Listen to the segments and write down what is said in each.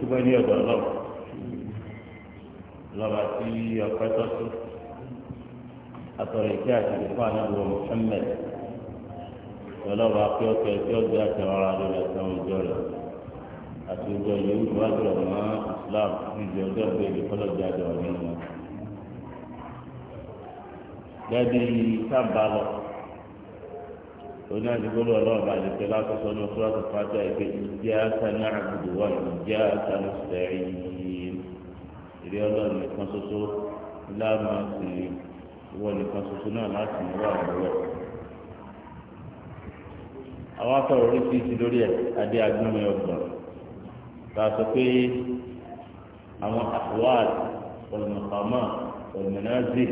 dúpẹ́ ní ọ̀dọ̀ ọlọ́wọ́ lọ́ba tí ọpẹ́ tọ́ sí àtọ̀rọ̀ ìké àti ìfọ̀ ànáwó Muhammad ọlọ́ba pé ọkọ̀ ẹ̀kẹ́ ọgbẹ́ àti àwọn ará rẹ̀ àtàwọn ìjọ rẹ̀ àti ìjọ yìí ń wá jùlọ mọ́ Islam níbi ọjọ́ ìgbé ìfọlọ́ jáde ọ̀rẹ́ wọn. gẹ́gẹ́ bí sábà lọ oní àdìgbòlù ọlọ́ọ̀bà àdìgbò látọ̀sọ ní ọkùnrin àti pátá ẹgbẹ́ ìjà kaná àbùdù wà ìjà kaná sẹ́yìn ìrí ọlọ́ọ̀nì kan ṣoṣo láàmú àti ìwọ nìkan ṣoṣo náà láti mú wà lọ́wọ́. àwọn akọ̀rọ̀ oríṣiríṣi lórí ẹ̀ adé agbọ́nmi ọgbọ̀n ta sọ pé àwọn àfọwáàdì ọ̀lùmọ̀kàmọ́ ọ̀lùmọ̀nàzì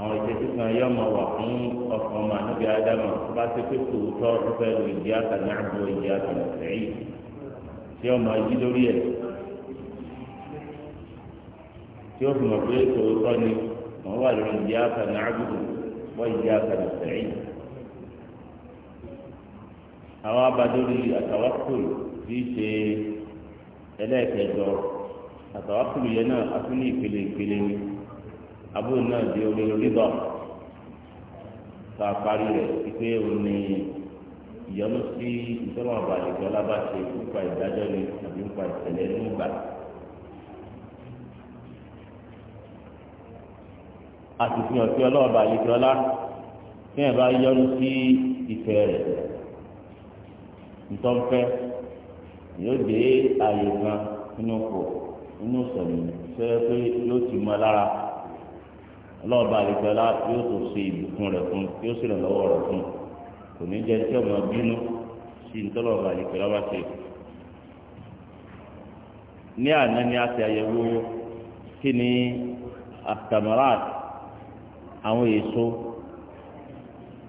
àwọn ìṣesí kan yọ ọmọ wà fún ọkàn ọmọ ànábì ádámà bá ti pé tòótọ́ ọfẹ́ lu ìdí àtàlẹ àbọ ìdí àtàlẹ sẹ́yìn tí ọmọ yí lórí ẹ̀ tí ó fi mọ̀ pé tòótọ́ ni wọ́n wà lórí ìdí àtàlẹ àbọ wọ́n ìdí àtàlẹ sẹ́yìn. àwọn abadóri àtàwákùlù tí í ṣe ẹlẹ́ẹ̀kẹjọ àtàwákùlù yẹn náà a tún ní ìpele ìpele ni abu náà di orí rírọ tá a parí rẹ̀ wípé òun ni ìyọnu sí ìtọ́nà àbàlẹ̀kẹ́ ọlábàṣe nípa ìdájọ́ ni àbí nípa ìtẹ̀lẹ́ nígbà. àtìfihàn ọ̀sí ọlọ́ọ̀bà àlejò ọlá tí ẹ̀ bá yọnu sí ìfẹ́ rẹ̀ ntọ́nfẹ́ yóò dé ààyè kan nínú kò nínú sọ̀rọ̀ sọ́yẹ́ pé yóò ti mọ lára ọlọ́ọ̀bá àlejòọlá yóò tó ṣe ìbùkún rẹ̀ fún yóò sì ràn lọ́wọ́ rẹ̀ fún kò ní jẹ́ tí ọmọ bínú sí ntọ́lọ́ọ̀bá àlejòọlá wá ṣe. ní àná ni a ti àyẹ̀wò kí ni atamarat àwọn èso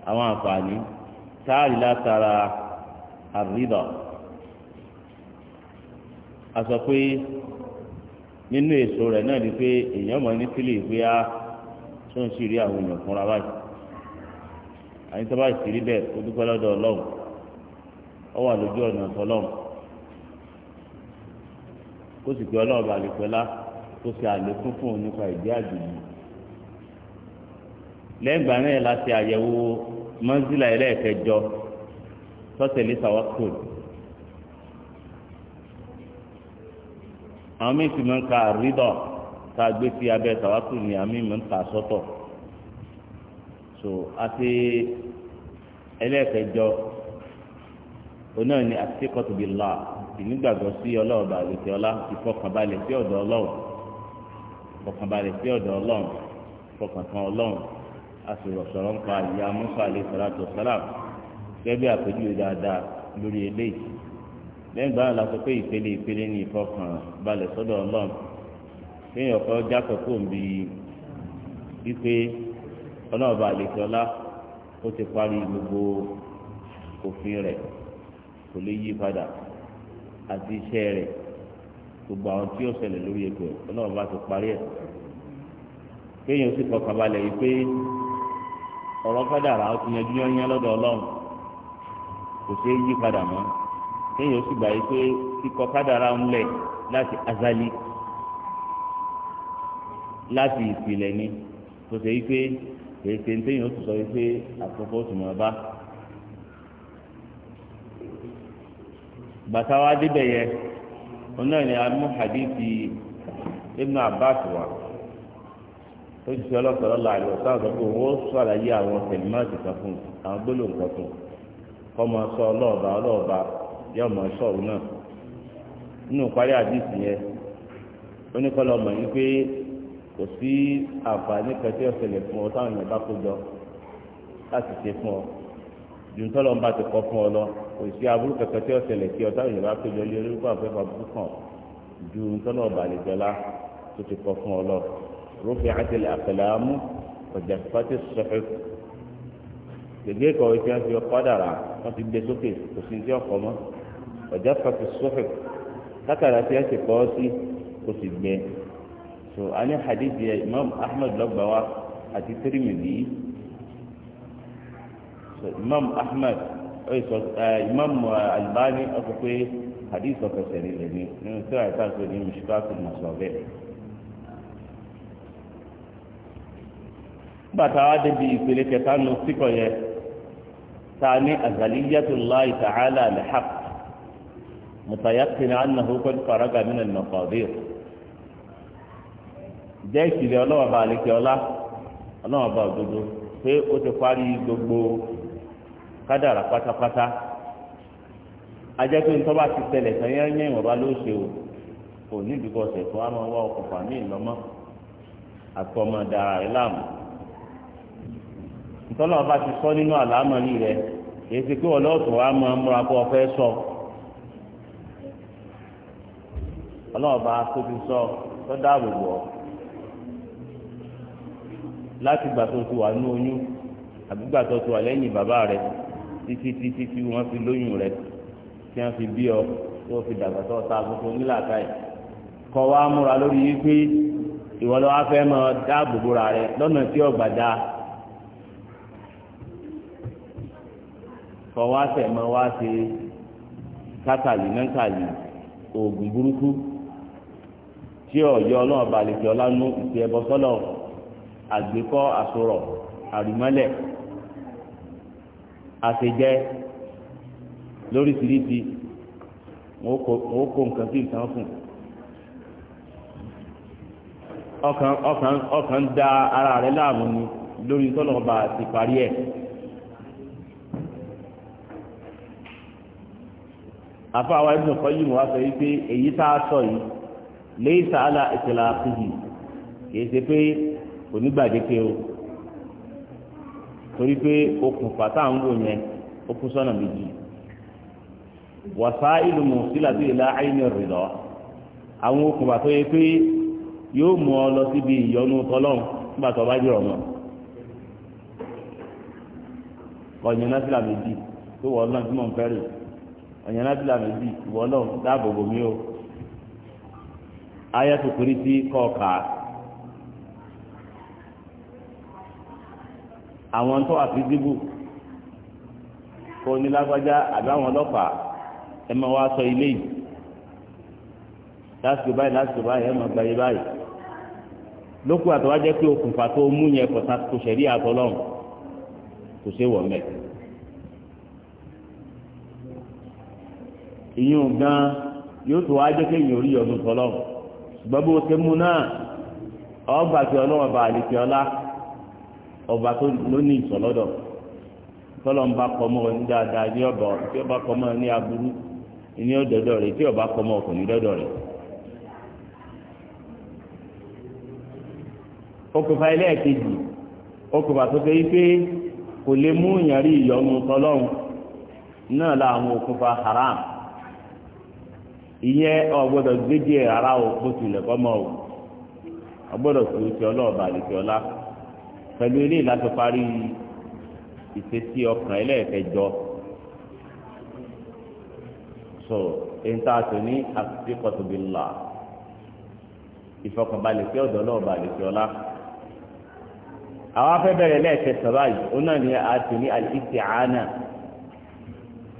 àwọn àǹfààní táàrí látara àrídà a sọ pé nínú èso rẹ̀ náà ni pé èèyàn mọ̀ ní kílì ìgbéyà tí wọ́n sì rí àwọn èèyàn fúnra báyìí àyìn tó bá sì rí bẹ́ẹ̀ ó dúpẹ́ lọ́dọ̀ ọlọ́run ó wà lójú ọ̀nà ọlọ́run kó sì pé ọlọ́run bá lè pẹ́lá kó sì àlékún fún òun nípa ìdí àjòyìn lẹ́gbàá náà la ṣe àyẹ̀wò mọ́ńsílà ẹlẹ́ẹ̀kẹjọ tọ́tẹ̀lé sàwọ́kùn àwọn méjì máa ń ka àrídọ̀ tá a gbé sí abẹ́ tàwátù ní àmì mọ̀ ń ta sọ́tọ̀ so àti ẹlẹ́ẹ̀kẹjọ onáà ni àtikọ́tù bíi là ìnígbàgbọ́ sí ọlọ́run bá lè fi ọlá ìfọkànbalẹ̀ sí ọ̀dọ̀ ọlọ́run ìfọkànbalẹ̀ sí ọ̀dọ̀ ọlọ́run ìfọkàntán ọlọ́run àṣìrọ̀sọ̀rọ̀ ń pa ìyá musa alẹ́ sàlátọ̀ sálàm gẹ́gẹ́ àpèjúwe dáadáa lórí eléyìí lẹ́yìn báyìí la sọ pé ìpele ìpele ní ìfọkànbalẹ̀ sọ́dọ̀ ọlọ́run kéèyàn kọ́ jákọ̀ kó ń bi wípé ọlọ́ọ̀bà àlejòọlá ó ti parí gbogbo òfin rẹ̀ kò lè yí padà àti iṣẹ́ rẹ̀ gbogbo àwọn tí yóò ṣẹlẹ̀ lórí ẹgbẹ́ ọlọ́ọ̀bà ti parí ẹ̀ kéèyàn sì fọkàn balẹ̀ yìí pé ọ̀rọ̀ kádàrá ó ti yanjú yányán lọ́dọ̀ ọlọ́run kò ṣeé yí padà mọ́ kéèyàn sì gbà yìí pé kíkọ kádàrá ń lẹ̀ láti azali láti ìpìlẹ̀ ni tó ṣe wípé èsì ntẹ́yìn ó ti sọ wípé àkókò tó mọ̀ bá. bàtà wa yẹ ọ̀nà ni a mú hadithi Ibn Abbas wa tó ti sọ ọlọ́sọ̀rọ̀ láàrin ọ̀sán àgbà pé òun àwọn tẹ̀límọ́ọ̀tì kan fún àwọn sọ yóò sọ òun náà nínú parí yẹn ó ní kọ́ kò sí àǹfààní kẹtí ọ̀sẹ̀lẹ̀ fún ọ táwọn èèyàn bá kó jọ láti ṣe fún ọ ju tọ́lọ̀ ń bá ti kọ́ fún ọ lọ kò sí aburú kẹkẹ tí ọ̀sẹ̀lẹ̀ kí ọ táwọn èèyàn bá kó jọ lé orúkọ àfẹ́fà burú kan ju tọ́lọ̀ ọ̀bàlẹ̀jọ́lá tó ti kọ́ fún ọ lọ rúfin àtẹlẹ àfẹlẹ́àmú ọ̀jà pátí sọ̀fẹ́ gbègbè ìkọ̀wé tí wọ́n fi ọkọ̀ dàrà wọ́n ti gbé sókè kò sí ti ọkọ̀ mọ́ ọ̀jà pátí sọ̀fẹ́ látàrí àti ẹ̀sìn kọ́ sí kò sì gbẹ so a ní hadith yẹ imam ahmed lọ́gbàwá àti tirimidi so imam ahmed imam albani ọkọ pé hadith ọ̀fẹ̀sẹ̀ nílẹ̀ ni nínú síra ìtàkùn ní mishkatul masobe. gbàtà wá débi ìpele kẹta nù síkọ yẹ ta ní azaliyatullahi ta'ala lihaq mutayaqin annahu qad faraga min al-maqadir. jẹ́ ìkìlẹ̀ ọlọ́wọ́ bá àlekè ọlá ọlọ́wọ́ bá òdodo pé ó ti gbogbo kádàrà pátápátá ajẹ́ pé nítorí bá ti tẹlẹ̀ tán yẹn yẹn ìwọ̀nba ló ṣe o kò ní ìdíkọ̀ ọ̀sẹ̀ tó máa wá ọkọ̀ fàmí ìlọ́mọ́ àtọmọ dara ti sọ nínú àlámọ́lì rẹ sọ sọ tó dáàbò láti gbà tó ti wà ní oyún àbí gbà tó ti wà lẹ́yìn bàbá rẹ títí títí tí wọ́n fi lóyún rẹ tí wọ́n fi bí ọ tí wọ́n fi dàgbà tó ta gbogbo nílàkà yìí kọ́ wa múra lórí yìí pé ìwọ lọ́wọ́ fẹ́ mọ dáàbò bóra rẹ lọ́nà tí ọgbà dáa. fọwọ́sẹ̀ máa wá ṣe kátàlì mẹ́tàlì oògùn burúkú tí ọ̀yọ́ ọlọ́run balẹ̀kẹ́ ọlánú ìpè ẹ̀bọ sọ́lọ̀ àgbékọ́ àsọ̀rọ̀ àrùmọ́lẹ̀ àṣejẹ lóríṣiríṣi wọn ó kó nǹkan sí nǹkan fún ọkàn ọkàn ọkàn ń da ara rẹ̀ láàmú ni lórí tọ́lọ́ba ti parí ẹ̀. afa wa ibn qayyim wa sọ yìí pé èyí tá a sọ yìí léyìí sàálà ìtìlá àfihì kìí ṣe pé onígbàdéke o torí pé okùn fàtà ń wò yẹn ó kú sọ́nà méjì wàsá ìlú mùsílàtì ìlà àìní rìlọ́ àwọn okùn bàtọ́ yẹ pé yóò mú ọ lọ síbi ìyọnu tọlọ́n nígbà tó bá jùlọ mọ́ ọ̀yàn násìlà méjì tó wọ́ ọlọ́run tí mò ń fẹ́rẹ̀ ọ̀yàn násìlà méjì ìwọ́ ọlọ́run dáàbò bò o ayé tó kiri sí kọ̀ọ̀kà àwọn tó àti dìbò kò ní lágbájá àbí àwọn ọlọ́pàá ẹ máa wá sọ ilé yìí lásìkò báyìí lásìkò báyìí ẹ máa gba yé báyìí lókù àtọ́wájẹ́ pé okùnfà tó mú yẹn kọ̀tà kò sẹ̀rí àtọ́lọ́hùn kò ṣe wọ̀ mẹ́. ìyún gan yóò tó wá jẹ́ kéèyàn orí ọdún tọ́lọ́hùn ṣùgbọ́n bó ṣe mú náà ọgbà tí ọlọ́wọ́ bá àlè tí ọlá. ọba tó lónìí ìsọlọ́dọ̀ tọ́lọ̀ ń bá kọ́mọ́ ní dáadáa ní tí ọba kọmọ ní aburú ní ọ̀dọ́dọ̀ tí ọba kò ní okùnfà ẹlẹ́ẹ̀kejì okùnfà tó pé kò lè mú ìyàrí ìyọnu tọ́lọ́hún náà haram ìyẹn ọgbọdọ o bó tilẹ̀ o ọlọ́ọ̀bà àdìsí pẹ̀lú eléyìí láti parí ìfésí ọkàn ẹlẹ́ẹ̀kẹjọ so entaatu ní asitikọtubila ìfọkànbalẹ̀ sí ọ̀dọ̀ náà balẹ̀ sí ọlá àwọn afẹ́ bẹ̀rẹ̀ lẹ́ẹ̀kẹsàn báyìí ó náà ní àti ní al-isti'ana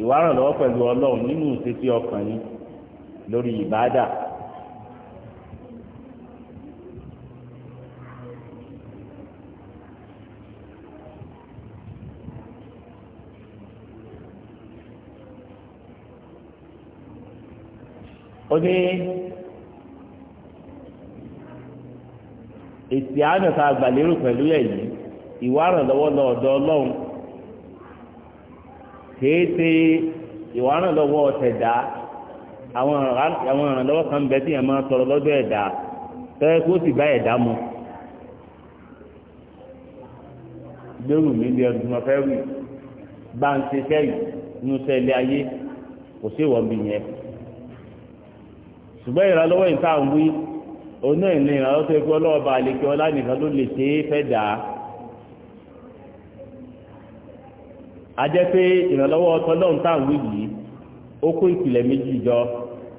ìwárànlọ́wọ́ pẹ̀lú ọlọ́run nínú ìfésí ọkàn yìí lórí ìbáàdà. ó ní èsì àánú tá a gbà lérò pẹ̀lú ẹ̀ yìí ìwà ìrànlọ́wọ́ lọ ọ̀dọ̀ ọlọ́run kìí ṣe ìwà ìrànlọ́wọ́ ọ̀tẹ̀dá àwọn ìrànlọ́wọ́ kan bẹ tí yẹn máa tọrọ lọ́dọ̀ ẹ̀dá tẹ́lẹ̀ kó sì bá ẹ̀dá mu. lérò mi bí ẹnu ma fẹ́ wì bá ń ṣiṣẹ́ yìí nínú sẹ́lẹ̀ ayé kò sí ìwọ̀n bí yẹn ṣùgbọ́n ìrànlọ́wọ́ yìí táà ń wí òun náà ní ìrànlọ́wọ́ tó yẹ kí ọlọ́ọ̀bà àlekè ọlá nìkan ló lè ṣe é fẹ́ dà á. a jẹ́ pé ìrànlọ́wọ́ ọtọ́lọ́hún táà ń wí yìí ó kó ìpìlẹ̀ méjì jọ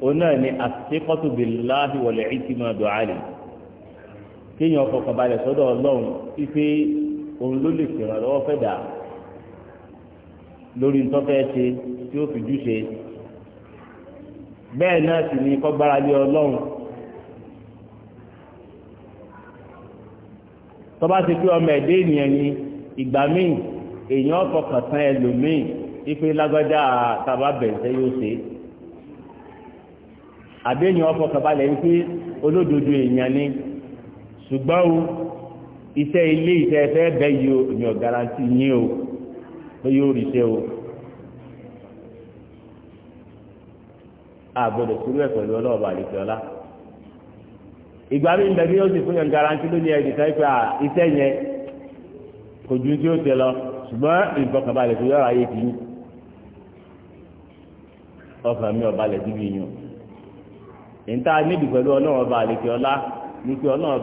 òun náà ní àtikọ́tù billahi wal itima du'a li kéèyàn fọkàn balẹ̀ sọ́dọ̀ ọlọ́run wípé òun ló lè ṣèrànlọ́wọ́ fẹ́ dà á lórí ntọ́fẹ́ ṣe tí ó fi jù ṣe bẹ́ẹ̀ náà sì ni kó gbára lé ọlọ́run tó bá ti pé ọmọ ẹ̀dẹ́ ènìyàn ni ìgbà míì èèyàn fọkàn tán ẹlòmíì ife lágbájá tàbá bẹ̀rẹ̀ yóò ṣe àbí èèyàn fọkàn balẹ̀ wípé olódodo èèyàn ni ṣùgbọ́n o iṣẹ́ ilé iṣẹ́ ẹ̀fẹ́ bẹ́ẹ̀ yìí o èèyàn garanti yín o pé yóò rí iṣẹ́ o. àgbọ̀dọ̀ kúrú ẹ̀ pẹ̀lú ọlọ́ọ̀bà àlìkẹ́ọ́lá ìgbà mi ń bẹ bí ó sì fún yẹn garanti lónìí ẹ̀ dìtẹ́ pé iṣẹ́ yẹn kò ju tí ó tẹ lọ ṣùgbọ́n ìfọkànbalẹ̀ tó yọ̀rọ̀ ayé ti ọkàn mi ọ̀balẹ̀ ti bí yín níta níbi pẹ̀lú ọlọ́ọ̀bà ní pé ọlọ́ọ̀bà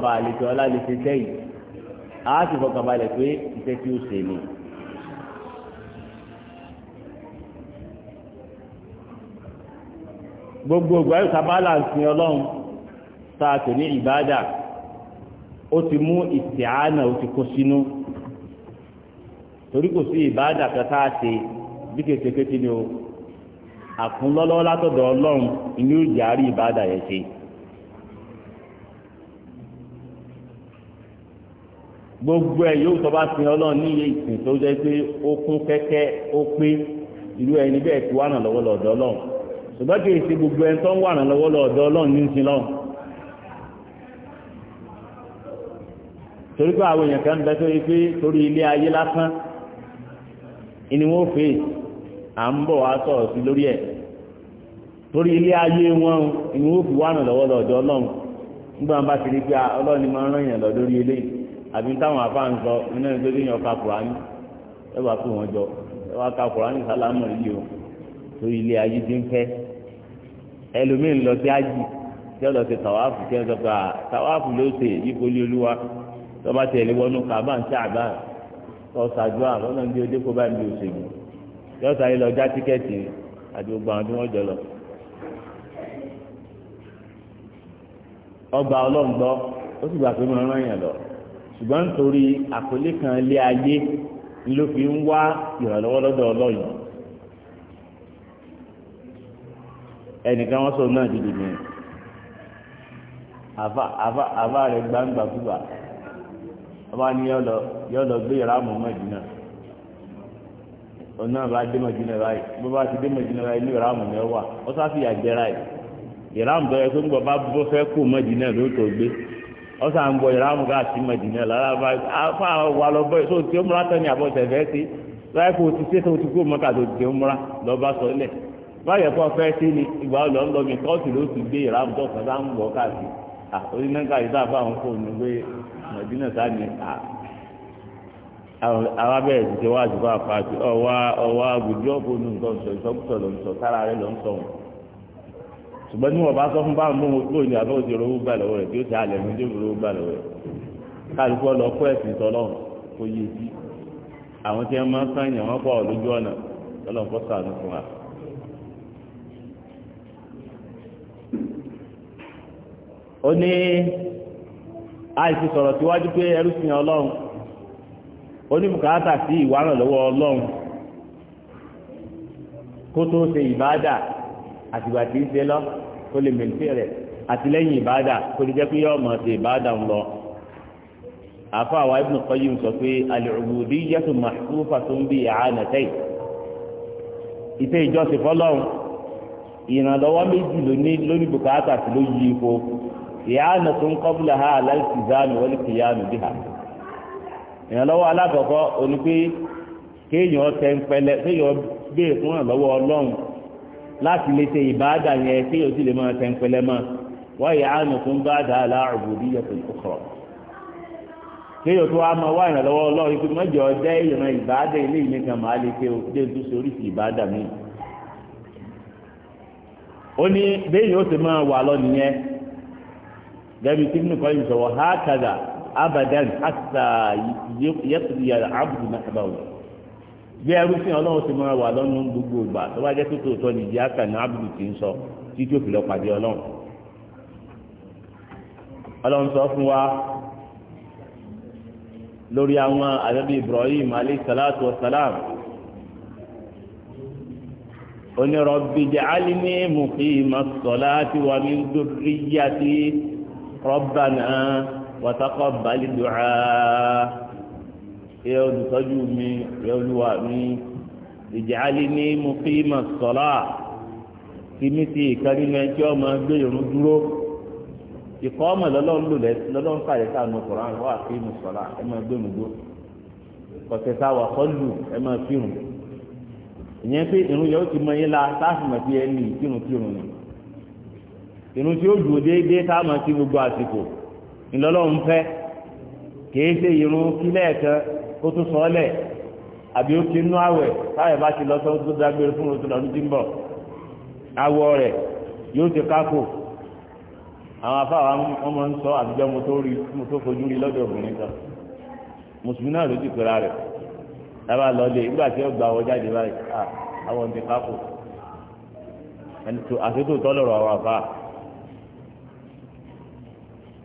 gbogbo ògbà yóò sábàlà ń sin ọlọ́run tá a tò ní ìbáàdà ó ti mú ìtìánà ó ti kó sínú torí kò sí ìbáàdà kan tá a ṣe bí ni o àkúnlọ́lọ́wọ́ látọ̀dọ̀ ọlọ́run ìní ó jàrí ìbáàdà yẹn ṣe. gbogbo ẹ yóò tọ́ba sin ọlọ́run ní iye ìsìn tó jẹ́ pé ó kún kẹ́kẹ́ ó pé irú ẹni bẹ́ẹ̀ ti wá ràn lọ́wọ́ lọ́dọ̀ ọlọ́run ṣùgbọ́n kì ṣe gbogbo ẹni tó ń wà lọ́wọ́ lọ́dọ̀ ọlọ́run ní àwọn èèyàn kan bẹ tó pé torí ilé ayé lásán ni wọ́n fè à ń bọ̀ wá sọ̀rọ̀ sí lórí torí ilé ayé wọn fi wà lọ́wọ́ lọ lórí ilé àbí táwọn afá ń sọ ẹ o torí ilé ayé ẹlòmíín lọ sí ájì tí ó lọ sí tàwáàfù tí ó sọ pé tàwáàfù ló ṣe ìbólí olúwa tọ́ba tiẹ̀ lé wọnú kàbá ń ṣàbá tọ́ ṣàjọ àlọ́nà bí odé kó bá ń bí òṣèlú yóò sáré lọ já tíkẹ́ẹ̀tì àti gbogbo àwọn tí wọ́n jọ lọ. ọba ọlọ́run ó sì gbà pé mo rán yàn lọ ṣùgbọ́n nítorí àkọlé kan lé ayé ló fi ń wá ìrànlọ́wọ́ lọ́dọ̀ ọlọ́run ẹnìkan wọn sọ náà dídì ní ava rẹ ọba ni yọlọ yọlọ gbé yàrá mọ mọdínà ọ̀nà bá dé mọdínà báyìí bó ti dé mọdínà báyìí ní yàrá mọ ní ọwà ó sá fi àjẹrà yìí yàrá mọ bá kó ló tó gbé ó sá ń yàrá mọ lára bá wà lọ tí ó múra tán ní sí báyẹ̀ kọ́ fẹ́ sí ni ìgbà ọ̀lọ́ ń lọ mi kọ́ọ̀tù ló ti gbé ìràbùtọ̀ kan sáà ń bọ̀ káàkiri orí náà káyìí sáà fáwọn fóònù pé mọ̀dínà sáà à, àwọn abẹ́rẹ́ ti ṣe wá àti fáwọn fàájì ọ̀wá ọ̀wá àgùjọ́ fóònù nǹkan sọ ìsọ́kùsọ̀ ló ń sọ sára rẹ̀ ló ń sọ wọn. ṣùgbọ́n ní wọ́n bá sọ fún báwọn mú wọn kúrò ní àbẹ́ òsì rówó gbà lọ́wọ́ rẹ̀ tí ó ti àlẹ́ mi tí ó fi rówó gbà lọ́wọ́ rẹ̀ kálukú ọlọ kó ẹ̀sìn tọ́lọ́run kó yé sí àwọn tí wọ́n máa ń sáyìn àwọn pọ̀ lójú ọ̀nà tọ́lọ́ ó ní àìsí sọ̀rọ̀ síwájú pé ẹrú sin ọlọ́run ó ní bùkátà sí ìwárànlọ́wọ́ ọlọ́run kó tó ṣe ìbáàdà àtìgbà ń ṣe lọ kó lè mèlífẹ́ rẹ̀ àtìlẹ́yìn ìbáàdà kó lè jẹ́ pé yọ́ ọmọ ṣe ìbáàdà ń lọ àfọ àwa Ibn Qayyim sọ pé al-ubudiyyatu mahsufatun bi i'anatayn ìfẹ́ ìjọsìn fọlọ́run ìrànlọ́wọ́ méjì lóní sí ló yí ipò ìyáàna qablaha al-iltizam wal-qiyam biha ìrànlọ́wọ́ alákọ̀ọ́kọ́ oní pé kéèyàn tẹ ń pẹlẹ kéèyàn fún ìrànlọ́wọ́ ọlọ́run láti lè ṣe ìbáàdà yẹn kéèyàn sì lè máa tẹ ń pẹlẹ mọ́ wọ́n ìyáàna kéèyàn tó wá máa wá ìrànlọ́wọ́ ọlọ́run pé mọ́jọ jẹ́ ìran ìbáàdà ilé máa lè ṣe tó ṣe oríṣi ìbáàdà ó ní béèyàn ó máa wà lọ nìyẹn gẹ́gẹ́ tí nínú kan yìí sọ wọ́n hákàdà abadan hatta yẹ́kùdìyà abudu nàkàbàwò bí ẹrú sí ọlọ́run ti máa wà lọ́nu gbogbo ìgbà tó bá jẹ́ tó tòótọ́ nìyí àkànní abudu ti ń sọ títí òfin lọ pàdé ọlọ́run ọlọ́run sọ fún wa lórí àwọn àdàbí Ibrahim alayhi salatu wa salam onírọ̀bì alimi mùkì masọ̀láti wà min durriyati. Rabbana wa taqabbal du'a ìyẹ́ olùtọ́jú mi ìyẹ́ olúwa mi ij'alni muqima as-salah kìmí ti ìkàrí ní ẹjọ́ ọmọ gbé irun dúró ìkọ́ ọmọ lọ́lọ́run lò lẹ́sìn lọ́lọ́run fàyè sáànù Kùránì wà kí mu sọ̀rọ̀ ẹ máa gbé mu kọ̀tẹ́ sá wà kọ́lù ẹ máa kírun ìyẹn pé irun yẹn ó ti mọ yín la sáàfù mọ̀ sí ẹni ìkírun kírun ni irun tí ó dùn déédéé táàmù sí gbogbo àsìkò ńlọ́lọ́run fẹ́ kìí ṣe irun kílẹ̀ kan kó tún sọ ọ́lẹ̀ àbí ó ti nú àwẹ̀ táwọn bá ti lọ sọ tó dágbére fún oṣù lọ́dún tí ń bọ̀ awọ rẹ̀ yóò ti kákò àwọn ọmọ sọ mo tó rí mo tó fojú rí lọ́dọ̀ obìnrin kan mùsùlùmí náà ló ti pera rẹ̀ lábà nígbà tí ó gba jáde báyìí àwọn ti kákò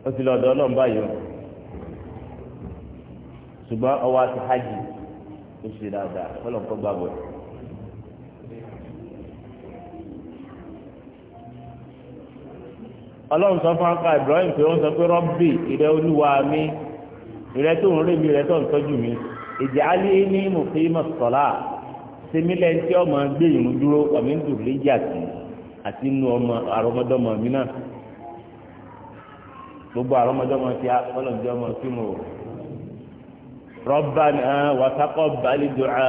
ó ti lọ ọ̀dọ̀ Ọlọ́run báyìí o ṣùgbọ́n ọwọ́ àti hajj ó ṣe dáadáa Ọlọ́run kọ gbàgbọ́ ẹ. Ọlọ́run sọ fún akpa Ibrahim pé wọ́n sọ pé rọ́bì ìrẹ́ olúwa mi ìrẹ́ tó ń rí mi ìrẹ́ tó ń tọ́jú mi ìjà alẹ́ ní mùsùlùmí sọ̀lá sẹ́mi lẹ́yìn tí ọmọ gbé ìrun dúró ọ̀mí ń dùn léjì àti àti inú ọmọ àrọ́mọdọ́mọ mi náà gbogbo àrọ́mọdọ́mọ ti ọlọ́mọdọ́mọ tí mo Rabbana wa taqabbal du'a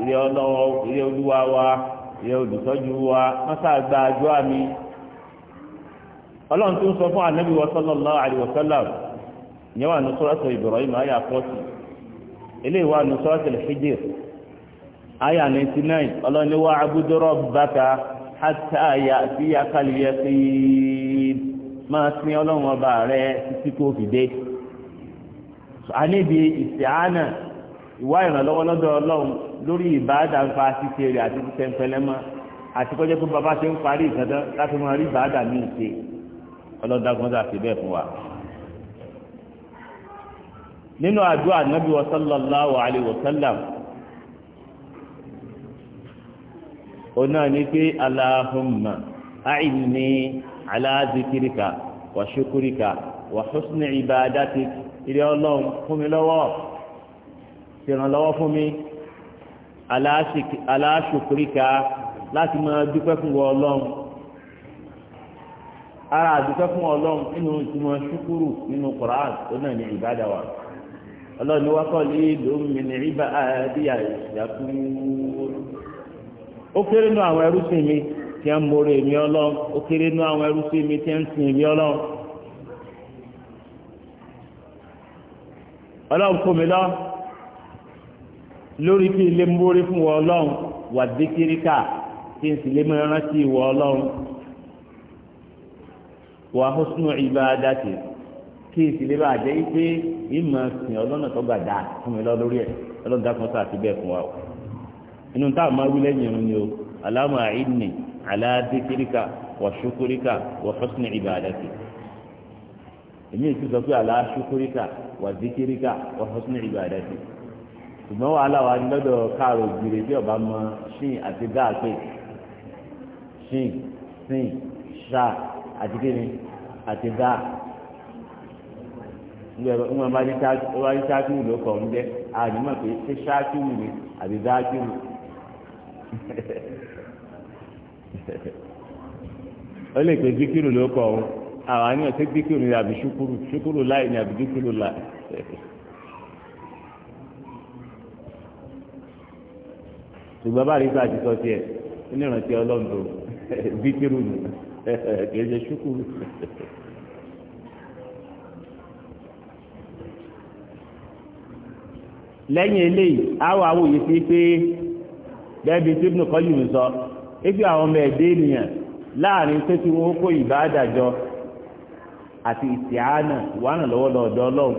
ilé ọlọ́wọ́ ilé olúwa wa ilé olùtọ́jú wa mọ́sá gba àjọ àmì ọlọ́run tó ń sọ fún anabi wa sallallahu alayhi wa sallam ìyẹn wà ní sọ́rọ́sọ Ibrahim àyà fọ́tì eléyìí wà ní sọ́rọ́sọ Al-Hijr àyà 99 ọlọ́run ni wà abudu rabbaka hatta ya'tiyakal yaqin máa sin ọlọ́run ọba rẹ títí tó fi dé àníbi ìsìáánà ìwá ìrànlọ́wọ́ lọ́dọ̀ ọlọ́run lórí ìbáàdà ń pa ṣíṣe rẹ̀ àti ṣíṣe ń pẹlẹ́mọ́ àti kọjá pé bàbá ṣe ń parí ìtọ́jọ́ láti máa rí ìbáàdà ní ìṣe ọlọ́dàgbọ́n dà sí bẹ́ẹ̀ fún wa. nínú àdúrà nàbí sallallahu alaihi wasallam ọ̀nà ni pé Allahumma a'inni. على zikirika وشكرك وحسن عبادتك husni الله ilé ọlọ́run fún mi lọ́wọ́ ṣèrànlọ́wọ́ fún mi ala shukurika láti máa dúpẹ́ fún wọn ọlọ́run ara àdúpẹ́ fún ọlọ́run nínú ìtumọ̀ ṣukuru nínú Qur'an tó náà ní ìbádà wa ọlọ́run ni wọ́n lé lómi ní ibà àdìyà ìṣàkúrú ó kéré nù àwọn ẹrú sí mi tí ń mórí èmi ọlọ́run ó kéré nú àwọn ẹrú sí mi tí ń sin èmi ọlọ́run. ọlọ́run kò mí lọ lórí kí ilé mórí fún wọ ọlọ́run wà dékèríkà kí n sì lè mọ rántí ìwọ ọlọ́run wà husnu ibadati kí n sì lè bá jẹ́ pé ìmọ̀ sìn ọlọ́nà tó gbà dáa fún mi lọ lórí ẹ̀ ọlọ́run dákun sáà ti bẹ́ẹ̀ fún wa inú táwọn máa wí lẹ́yìn ìrún ni o aláàmú àìní ala dhikrika wa shukrika wa husni ibadati èmi ìtú sọ pé ala shukrika wa dhikrika wa husni ibadati ṣùgbọ́n wàhálà wa ní lọ́dọ̀ káàró gbèrè bí ọba mọ ṣìn àti dáàpé ṣìn sìn ṣá àti kíni àti dáà wọn bá ní ṣáàkìwù ló kọ̀ ń jẹ́ àdìmọ̀ pé ṣé ṣáàkìwù ni àbí dáàkìwù ó lè pé zikiru ló kọ òun àwọn àníyàn pé zikiru ni àbí ṣukuru ṣukuru láì ni àbí zikiru láì. ṣùgbọ́n bá rí sáà ti sọ tiẹ̀ nínú ìrántí ọlọ́dún zikiru nù kì í ṣe ṣukuru. lẹ́yìn eléyìí àwọn àwòye sí pé bẹ́ẹ̀ bí tí Ibn Qayyim sọ. ebi àwọn ọmọ ẹ̀dẹ́ ènìyàn láàrin pé kí wọ́n kó ìbáàdàjọ àti ìsìáánà wàhánà lọ́wọ́ lọ́dọ̀ ọlọ́run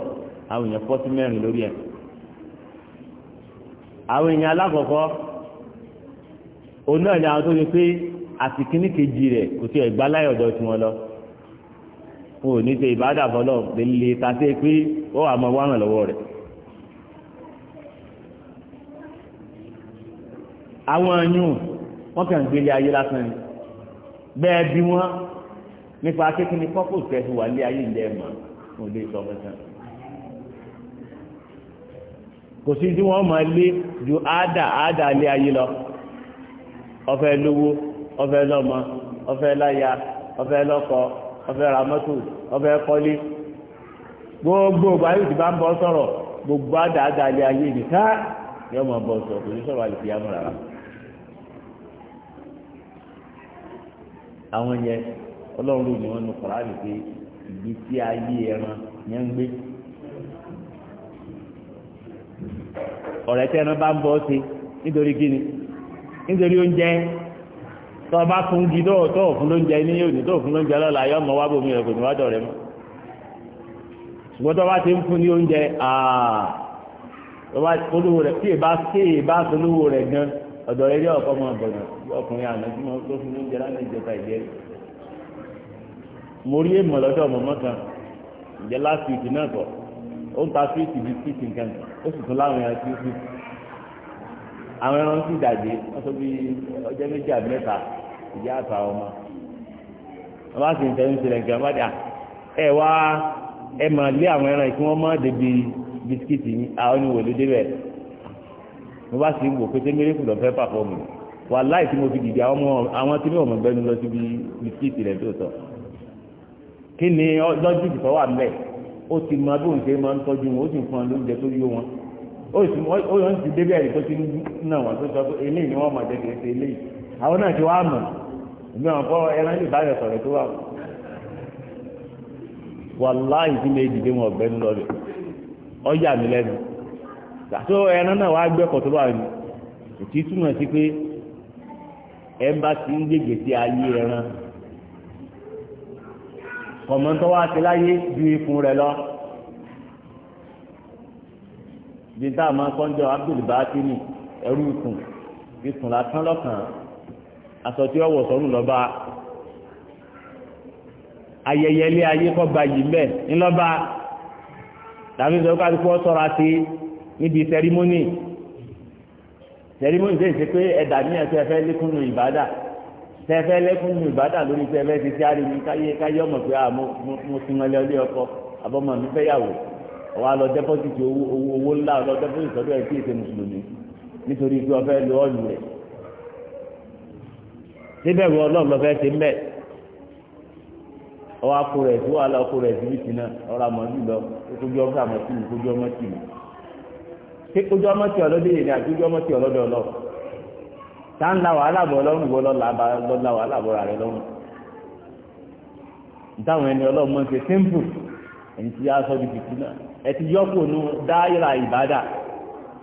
àwọn èèyàn fọ́tí mẹ́rin lórí ẹ̀. àwọn èèyàn alákọ̀ọ́kọ́ òun náà àwọn tó ṣe pé àti kíní kejì rẹ̀ kò tí ẹ̀ gbá láyọ̀ ọ̀dọ̀ tí wọ́n lọ. wọn ò lọ lè ta sí pé wọ́n kàn gbélé ayé lásán ni bẹ́ẹ̀ bí wọ́n nípa kékeré ní pọ́pọ́ tẹ̀sí wà lé ayé ìdẹ́ mọ̀ wọn ò lè sọ fún sàn. kò sí tí wọ́n máa lé ju àádà àádà lé ayé lọ ọfẹ́ lówó ọfẹ́ lọ́mọ ọfẹ́ láya ọfẹ́ lọ́kọ ọfẹ́ ramọ́tò ọfẹ́ kọ́lé gbogbo báyìí ti bá ń bọ́ sọ̀rọ̀ gbogbo àádà àádà lé ayé nìkan yóò máa bọ̀ sọ̀rọ̀ kò ní sọ̀rọ̀ àlùfíà mọ́ rárá. àwọn yẹn ọlọ́run ló ní wọn nu kọ́ra rẹ̀ pé ìgbésí ayé ẹran yẹn ń gbé ọ̀rẹ́ tẹ́ ẹran bá ń bọ́ ṣe nítorí kíni nítorí oúnjẹ tó o bá fún un gidọ́ tó o fún lóúnjẹ ní yóò ní tó o fún lóúnjẹ lọ́la yọ ọmọ wá bòmí rẹ̀ kò ní wá dọ̀ rẹ̀ mọ́ ṣùgbọ́n tó o bá ti ń fún ní oúnjẹ àà tó o bá polówó rẹ̀ tí èèbá tó o bá polówó rẹ̀ gan-an ọ̀dọ̀ eré ọ̀kọ́ mọ ọ̀bọ̀nà ọkùnrin àná tí wọ́n tó fún mi jẹ láti ìjọba ìjẹ́rì mo rí èèmọ̀ lọ́dọ̀ mọ̀mọ́ kan ìjẹ́ láti ìtì náà kọ̀ ó ń ta fíìtì bíi fíìtì nǹkan ó sì tún láwọn ẹran fíìtì àwọn ẹran sì dàgbé wọ́n tó bí ọjọ́ méjì àbí mẹ́ta ìyá àtà ọmọ wọ́n bá sì ń tẹnu sílẹ̀ nǹkan bá dà ẹ wá ẹ mà lé àwọn ẹran kí wọ́n má débi bisikíìtì yín àwọn ìwòlódé bẹ́ẹ̀ mo bá sì wò pété mérekù lọ fẹ́ pàfọ́ọ̀mù wà láì tí mo fi dìde àwọn tí mi mọ̀ lọ síbi bi rẹ̀ tó ụtọ. kí ni lọ́jọ́ wà mẹ́ ó ti mọ bí ṣe máa ń tọ́jú wọn ó sì fún lóúnjẹ tó yó wọn ó ti débẹ̀ rí tó ni wọ́n jẹ́ eléyìí àwọn náà ti wá mọ̀ wọn ẹran lè bá sọ̀rọ̀ gbàtó ẹran náà wàá gbẹ́kọ̀ tó wà ní òtí túmọ̀ sí pé ẹ bá ti ń gbègbè sí ayé ẹran kọ̀mọ́ntọ́ wá ti láyé ju ikùn rẹ̀ lọ bí táà máa kọ́njọ́ Abdul Batini ẹrú ikùn ikùn lásán lọ́kàn aṣọ tí ọwọ́ sọ́run lọ́ba ayẹyẹ ilé ayé kọ́ gbayì mbẹ́ ńlọ́ba tàbí sọ́kàdúkọ́ sọ́ra sí i. níbi sẹrimónì sẹrimónì tẹ̀ ṣe pé ẹ̀dà ní ẹ̀sẹ̀ fẹ́ lékúnnù ìbádà tẹ̀ fẹ́ lékúnnù ìbádà lórí tẹ̀ fẹ́ ti ti ari káyé káyé ọmọ pé à ah, mo ọkọ àbọ̀mọ mi fẹ́ yàwó ọwọ́ alọ dẹ́pọ́sìtì owó owó ńlá ọlọ dẹ́pọ́sìtì ẹ̀ mùsùlùmí nítorí pé ọfẹ́ lu ọ̀lù rẹ̀ síbẹ̀ wọ ti ń bẹ̀ ọwọ́ akó pé ojú ọmọ tí ọlọ́dẹ yìí ni àti ojú ọmọ tí ọlọ́dẹ ọlọ́ tá ń la wàhálà bọ̀ lọ́rùn wọ́n lọ́la wàhálà bọ̀ rẹ̀ lọ́rùn táwọn ẹni ọlọ́mọ ṣe tíńpù ẹni tí a sọ di bìtì náà ẹ ti yọ́pò nu dáyìlà ìbàdà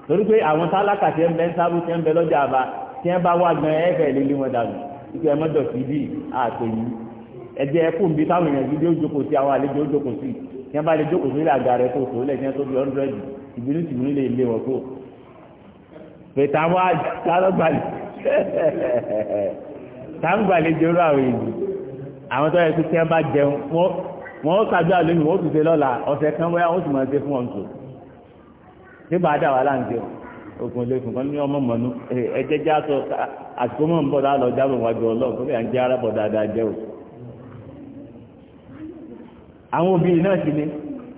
torí pé àwọn tálákà tí ń bẹ ń sábú tí ń bẹ lọ́jà àbá tí ń bá wà gan ẹ̀fẹ̀ lílé wọn dànù ikú ẹ mọ́dọ̀ sí bí àtò yìí ẹ̀jẹ̀ ẹkùn bí táwọn èèyàn ti dé ó sí àwọn àlejò ó sí tí wọ́n bá lè jókòó sí ilé àga rẹ̀ tó tó lẹ̀ tí wọ́n tó bí ọ́ndúrẹ́dì tìbínú tìbínú lè lé wọn kó pètè àwọn àtàlọ́gbàlẹ̀ táǹgbàlẹ̀ jẹ́rú àwọn èyí àwọn tó yẹ kó tí wọ́n bá jẹun wọ́n kájọ́ àlónì wọ́n tún ṣe lọ́la ọ̀sẹ̀ kan wọ́n tún máa ṣe fún ọ̀nṣọ́ tí bá dà wà láǹjẹ́ ogun lẹ́kùn kan ní ọmọ mọ̀nú ẹ̀jẹ̀ já sọ àsìkò mọ̀ ń bọ̀ láàlọ́ jábọ̀ wájú ọlọ́run tó bẹ̀ ń jẹ́ arábọ̀ dáadáa jẹ́ o. àwọn obìnrin náà ti ní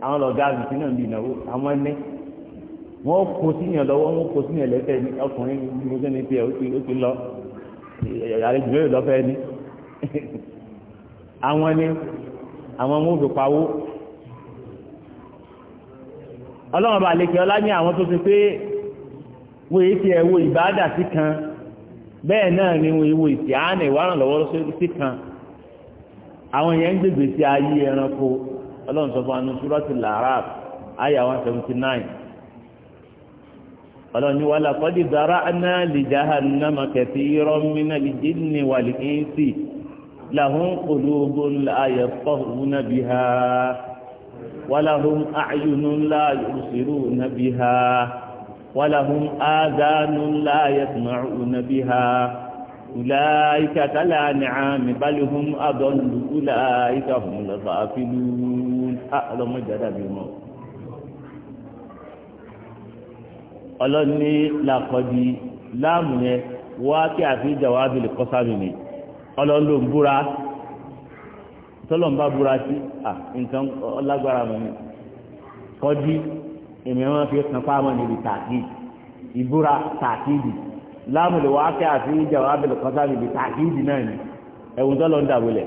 àwọn lọ́gá àgùntì náà ń bì náà àwọn ẹni wọ́n kó síyàn lọ́wọ́ wọ́n kó síyàn lẹ́sẹ̀ ní ọkùnrin mọ́tò ní tiẹ̀ ó ti lọ àlejò yóò lọ́fẹ́ ni àwọn ni àwọn ọmọ òfin pawó ọlọ́run bá lè kí ọlá ní àwọn tó ti pé wo èyí ti ẹ̀wọ̀ ìbáàdà sí kan bẹ́ẹ̀ náà ni wọ́n èwo ìsì àánà ìwárànlọ́wọ́ sí kan àwọn èèyàn ń gbègbè sí ayé ẹranko ọlọ́run sọ fún anú súrọ́tì làárà àyà one seventy nine ọlọ́ni wà lápọ́dì dára aná lè jahannama kẹfì rọ́mìnà ìjìnnì wà lè ẹ̀ǹsì lahun qulubun láàyè fọ́hùnà biha wàlàhùn àyùnún láàyè òṣèrùnà biha wàlàhùn àdánún láàyè tùmọ̀rùnà biha ulaika kala ni'ami bal hum adallu ulaika hum lafafilun a ah, ọlọ́mọ ìjádàbí mọ́. ọlọ́ni làkọ́bí láàmù yẹn wá kí àfi ìjàwá abìlẹ̀ kọ́sáàmì ni ọlọ́ni ló ń búra tọ́lọ́mbà búra sí à nǹkan ọlágbára mọ̀ ni kọ́dí ènìyàn wọn fi kàn fáwọn níbi tààkì ìbúra tààkì dì láàmù lè wá kí àfi ìjàwá abìlẹ̀ kọ́sáàmì ni tààkì dì náà ni ẹ̀wùn tọ́lọ́ ń dàbọ̀lẹ̀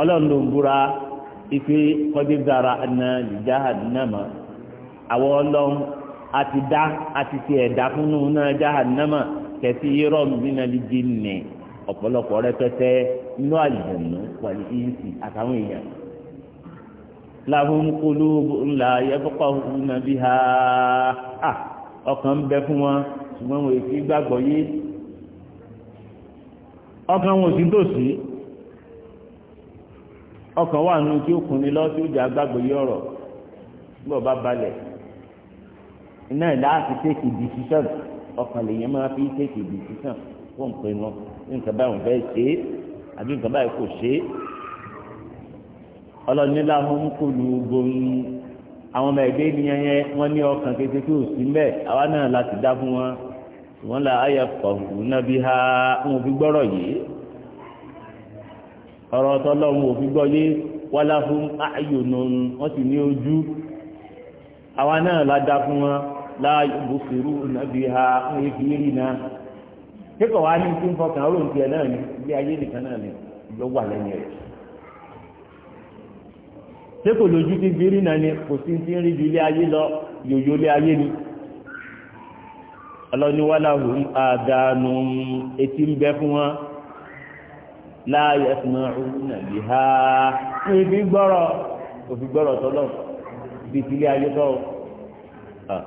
ọlọ́ni ló ń búra ife kọ́dí dára ẹ̀nà ìjáhà náà mọ̀ àwọn ọlọ́run àti dá àti ti ẹ̀dá fúnnú náà jahannama kẹsí irọ́ nínú ẹlẹ́jì nì ọ̀pọ̀lọpọ̀ rẹpẹtẹ inú àlùjẹ̀nù pẹ̀lú ìyìnsì àtàwọn èèyàn. lahum la yafqahuna ọkàn ń bẹ fún wọn ṣùgbọ́n wọn èsì gbàgbọ́ yé ọkàn wọn ọkàn wà nù ó kùn ní lọ sí gbàgbọ́ yé ọ̀rọ̀ gbọ́ bá balẹ̀. náà láti tẹ̀kì decision ọkàn lèyìn máa fi tẹ̀kì decision kó n pinnu nǹkan báyìí wọn fẹ́ ṣe é àbí nǹkan báyìí kò ṣe é ọlọ́nilá wọn kò lu gbomi àwọn ọmọ ẹgbẹ́ ènìyàn yẹn wọ́n ní ọkàn kékeré tí ò sí mbẹ́ àwa náà láti dá fún wọn wọn là ayẹ kọ̀ọ̀hún náà ha wọn fi gbọ́rọ̀ yìí ọ̀rọ̀ tọ́lọ́run ò fi gbọ́ yé wálá fún ayò nù wọ́n sì ní ojú àwa náà la dá fún wọn. láàyò bùsùrù nàbí ha kíkọ̀ wá ní kí n fọkàn ó lóun náà ní ilé ayé nìkan náà ní ló wà lẹ́yìn rẹ̀ ṣé kò lójú tí ni kò sí ti ń lọ ilé ayé ni àdánù etí ń bẹ fún wọn láàyè ẹ̀sìnà ha gbọ́rọ̀ tọ́lọ̀ bíi ti ilé ah.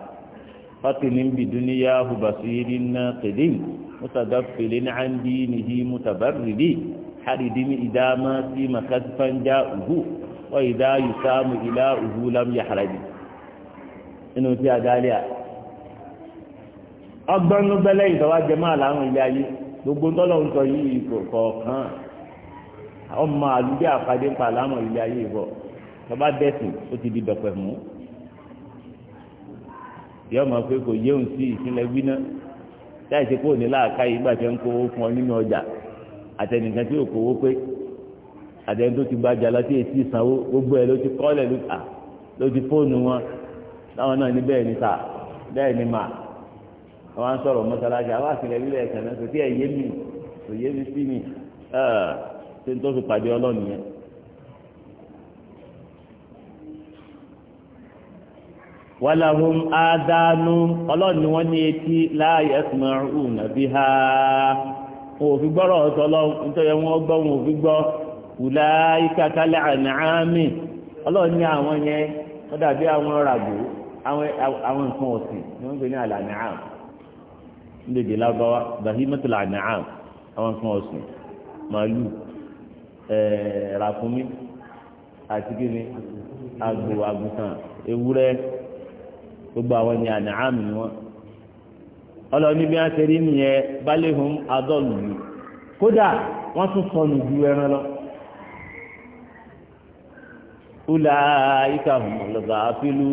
fatinin biduniyahu basirin naqidin mutadafilin an dinihi mutabarridi haridin idama si makasfan ja'uhu wa idha yusamu ila uhu lam yahrabi inú tí a dálíà ọgbọ́n ló bẹ́lẹ̀ ìtọ́wá jẹmọ́ àláwọn ilé ayé gbogbo tọ́lọ̀ ń sọ yìí kọ̀ọ̀kan ọmọ àlùdí àpàdé ń pa àláwọn ilé ayé ìbọ̀ tọ́ba dẹ́sìn ó ti di dọ̀pẹ̀ mú yọ ọmọ pé kò yéhùn sí ìpínlẹ̀ gbiná táyì ṣe kó ní láàka yìí gbàtẹ́ ń kówó fún ọ nínú ọjà àtẹnìkan tí yóò kówó pé àtẹnìkan tó ti gbàjà láti èsì ìsanwó gbogbo ẹ ló ti kọ́lẹ̀ ló ti fóònù wọn táwọn náà ní bẹ́ẹ̀ ni ta bẹ́ẹ̀ ni mà àwọn à ń sọ̀rọ̀ mọ́sálásí àwọn àfihàn ìlẹ̀ ẹ̀sán náà kò tí ẹ̀ yé mi kò yé mi sí mi ẹ̀ ṣe ń tó fi pàdé ọlọ́run yẹn wàláhùn àdánù ọlọ́run ni wọ́n ní etí láàyè nàbí ha gbọ́rọ̀ nítorí gbọ́ wọn gbọ́ wùlá àmì àwọn yẹn wọ́n dàbí àwọn ràgbò àwọn nǹkan ọ̀sìn ni wọ́n ní àmì lágbáwá an'am àwọn kan ọ̀sìn màálù eh, ràkúnmí àti kíni gbogbo àwọn ni ànàámù ni wọn ọlọ́ọ̀ni bí wọ́n ṣe rí nìyẹn balẹ̀hùn adọ́ọ̀lù yìí kódà wọ́n tún sọnù ju ẹran lọ. ula ika lọ́gà fílù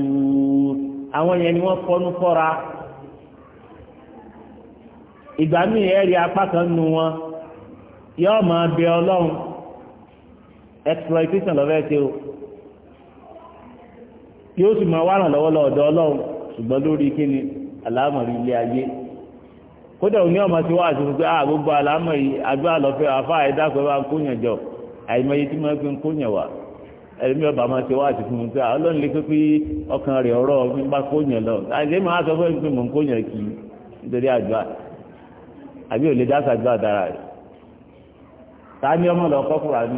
àwọn yẹn ni wọ́n fọ́nú fọ́ra ìgbà míì ẹ̀rí apá kan nu wọn yọ́ọ́ máa bẹ ọlọ́run exploitation lọ́fẹ́ ṣe o. yóò sì máa wá ràn lọ́wọ́ lọ́dọ̀ ọlọ́run ṣùgbọ́n lórí kíni àlámọ̀rí ilé ayé kódà òní ọmọ wa wọ́n àti fún a gbogbo àlámọ̀ yìí àdúrà lọ́fẹ́ àfa àìdáfẹ́ bá ń kóyàn jọ àìmọye tí fi ń kóyàn wà ẹ̀mí ọba máa ti wá àti fún pé ah, ọlọ́run lè pé ọkàn rẹ̀ ọ̀rọ̀ mi bá kóyàn lọ àìsè máa sọ fún mi mò ń kóyàn kì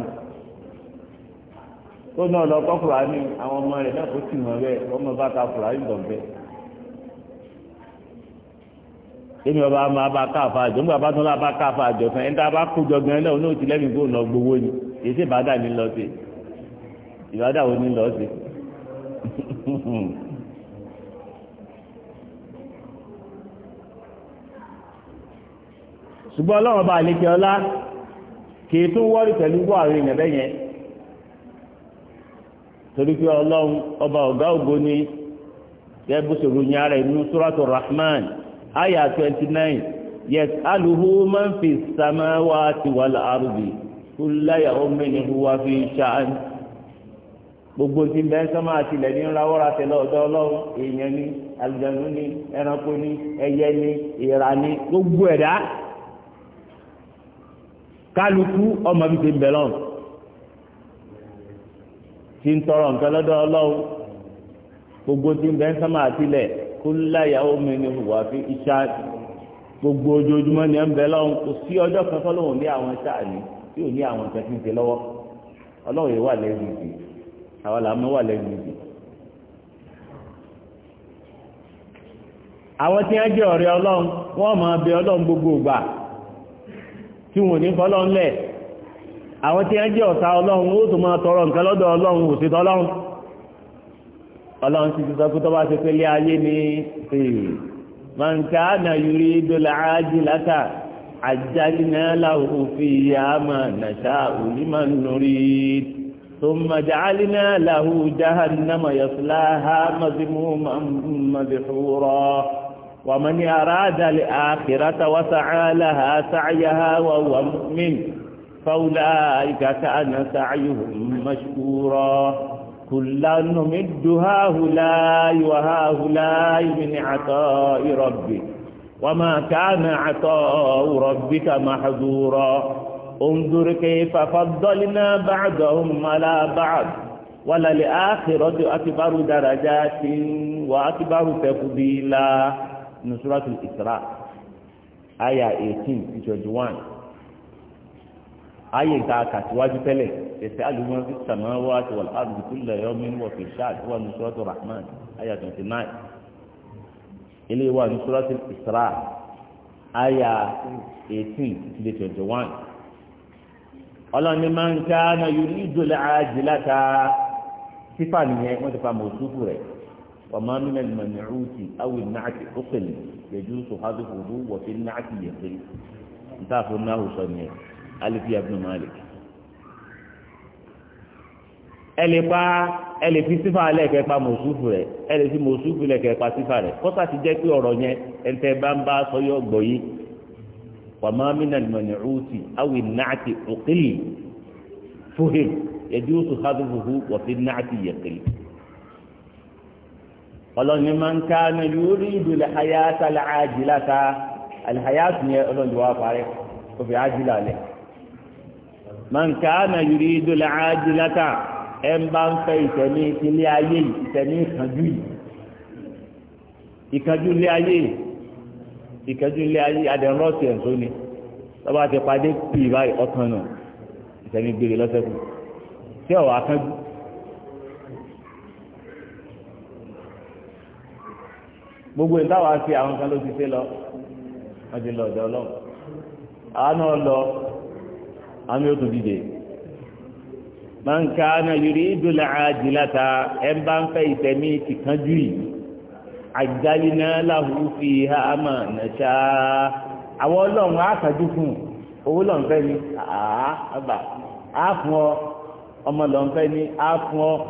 í tó náà lọ kọ́ fúlàní àwọn ọmọ rẹ̀ náà kó tì mọ́ bẹ́ẹ̀ ọmọ bá ta fúlàní dọ̀bẹ́. èmi ọba máa bá káàfa àjọ nígbà bá tún lábá káàfa àjọ kan ẹni tá a bá kó jọ gan náà oníhòtí lẹ́mìí kó lọ gbowó ni èsì ìbádà ní lọ sí ìbádà wo ní lọ sí. ṣùgbọ́n ọlọ́run bá àlejò ọlá kì í tún wọ́ọ̀rì pẹ̀lú wọ́ọ̀rì ìnẹ̀bẹ́ yẹn torí pé ọlọ́run ọba ọ̀gá ògo ni yẹ bó ṣòro ní ara inú suratu rahman aya twenty nine yas'aluhu man fi samawati wal ardi kulla yawmin huwa fi sha'n gbogbo tí bẹ́ẹ̀ sọ́mọ́ àti ilẹ̀ ní ńláwọ́ra tẹ̀lé ọ̀dọ́ ọlọ́run èèyàn ni àlùjànnú ni ẹranko ni ẹyẹ ni ìra ni gbogbo ẹ̀dá kálukú ọmọ bíi ti ń bẹ̀ tí ń tọrọ nǹkan lọ́dọ̀ ọlọ́run gbogbo tí ń bẹ ń sánmà àtìlẹ̀ kó láyà wà fi gbogbo ojoojúmọ́ ni ẹ ń bẹ lọ́run kò sí ọjọ́ kan tọ́lọ́run ní àwọn sáàní tí ò ní àwọn nǹkan tí ń ṣe lọ́wọ́ yìí wà lẹ́yìn ìdí àwọn làmú wà lẹ́yìn ìdí. àwọn tí wọ́n gbogbo ìgbà tí ò àwọn tí wọ́n jẹ́ ọ̀tá ọlọ́run ó tó máa tọrọ nǹkan lọ́dọ̀ ọlọ́run ò sí tọ́lọ́run ọlọ́run ti ti sọ pé tó bá ṣe pélé ayé ni man kana yuridu al-ajilata ajjalna lahu fiha ma nasha'u liman nurid thumma ja'alna lahu jahannama yaslaha madhmuman madhura wa man arada al-akhirata wa sa'a laha sa'yaha wa huwa mu'min. فأولئك كان سعيهم مشكورا كلا نمد هؤلاء وهؤلاء من عطاء ربك وما كان عطاء ربك محظورا انظر كيف فضلنا بعضهم على بعض وللآخرة أكبر درجات وأكبر تفضيلا من سورة الإسراء آية 18 21 ayé ìta kàtíwájú tẹ́lẹ̀ ẹ̀sẹ̀ alùpùpù fi sàmà wá ti wà láàbùkù kúlẹ̀ yọ mí wọ̀ fi ṣáà tí wà ní sọ́tò rahman ayé twenty nine ilé wa ní sọ́tò isra ayé eighteen to twenty one ọlọ́ni máa ń ká náà yóò ní ìjọlẹ̀ àjìláta sífà nìyẹn wọ́n ti fa mọ̀ọ́sùfù rẹ̀ wọ́n fi náà ti yẹ̀ pé níta fún náà ò sọ alifi ibn malik ẹ lè sífà lẹ́ẹ̀kẹ́ mọ̀súfù rẹ̀ ẹ mọ̀súfù lẹ́ẹ̀kẹ́ sífà rẹ̀ kọ́sà ti jẹ́ pé ọ̀rọ̀ yẹn ẹ̀ńtẹ́ bá ń bá sọ́yọ́ gbọ̀ yìí awì òkèlì fúhìm ẹ̀dí oṣù wọ̀fí ọlọ́ni máa ń ká ní lórí mọ̀nkánà yìí ìdòlẹ̀ ájú látà ẹ̀ ń bá ń fẹ́ ìtẹ̀mí ilé ayé ìtẹ̀mí ìkànjú yìí ìkànjú ilé ayé ìkànjú ilé ayé adẹ̀rọ̀sì ẹ̀ tó ni lọ́ba ti padé pì báyìí ọkàn náà ìtẹ̀mí gbére lọ́sẹ̀kù tí ọ̀wọ́ akánjú. gbogbo ìta wa fi àwọn kan ló ti ṣe lọ wọ́n ti lọ ọ̀dọ̀ ọlọ́run àwọn náà lọ àmì ó tún dìde mankana yuri ajilata ẹ bá ń fẹ́ ìtẹ̀mí ti kánjú yìí àjálínà láhùú fi ha nàṣà àwọn ọlọ́run fún owó lọ́n fẹ́ ni àbà á fún ọ ọmọ lọ́n ọ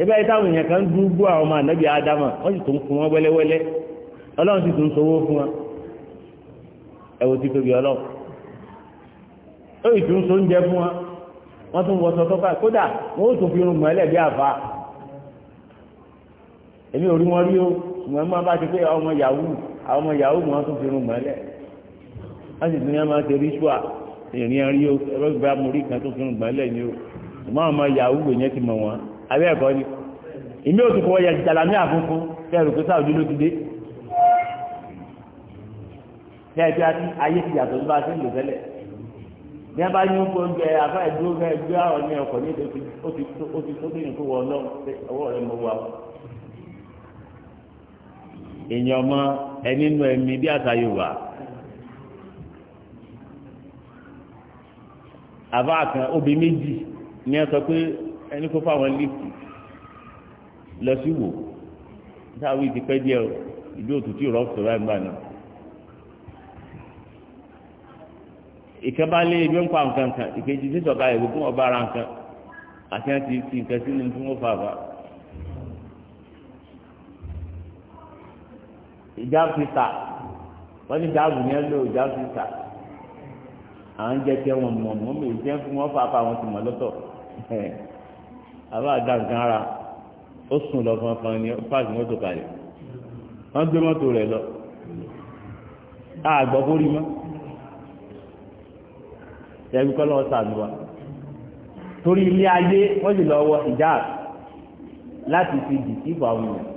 ebe ayé táwọn èèyàn kan dúgbò àwọn ọmọ ànábì ádámà sì tún fún wọn sì tún fún wọn ẹ wo ti tóbi tó ìtún tó ń jẹ fún wọn wọ́n tún wọ́n sọ́tọ́ ká kódà wọ́n ó tún fi irun mọ́lẹ̀ bí àfa èmi ò rí wọn rí o ṣùgbọ́n mọ́ bá ti pé ọmọ yahoo àwọn ọmọ yahoo wọ́n tún fi irun mọ́lẹ̀ wọ́n sì tún ní ọmọ ti rí ṣùà ìrìn rí o ẹ̀rọ ìgbà mórí kan tó fi irun mọ́lẹ̀ ni o ṣùgbọ́n ọmọ yahoo yẹn ti mọ̀ wọn abẹ́ ẹ̀kọ́ ni èmi ò tún fọwọ́ yẹ jàlámí àfúnfún kẹrù pé sáà ojúlójú dé kẹrù pé ayé ti yàtọ̀ tó bá a ti ń lò tẹ́lẹ̀ ní a bá ní oúnjẹ àbá ìdúró fẹ́ gbé àwọn ní ọkọ̀ ní ìdókè ó ti tó kéyìn kó wọ ọlọ́run pé ọwọ́ rẹ mo wà ó. èèyàn ọmọ ẹni nu ẹ̀mí bí àṣà yorùbá àbá kan obì méjì ní ẹ sọ pé ẹni kó fáwọn lífì lọ sí wò táwọn ìdí pẹ́ díẹ̀ ìlú òtútù rọ́ọ̀tù rẹ̀ ń gbà náà. ìkẹ́ bá lé ebi ń pa nǹkan kan ìkejì tí sọ̀ka ìwé fún ọba ara nǹkan àti àti ti nǹkan sínú tí wọ́n fà fà. ìjáàbù ti tà wọ́n ní ìjáàbù ní ẹ lò ìjáàbù ti tà ń jẹ́ kí wọ́n mọ̀ mọ́ mi ìjẹ́ fún wọn fà fà ti mọ̀ lọ́tọ̀ àbá àdá nǹkan ara ó sùn lọ fanfan ní páàkì mọ́tò kalẹ̀ wọ́n gbé mọ́tò rẹ̀ lọ àgbọ̀ kórìí mọ́ ẹbí kọ́ lọ́wọ́ sàdúrà torí ilé ayé wọ́n sì lọ wọ hijab láti fi dì sí ìfọ̀ àwọn èèyàn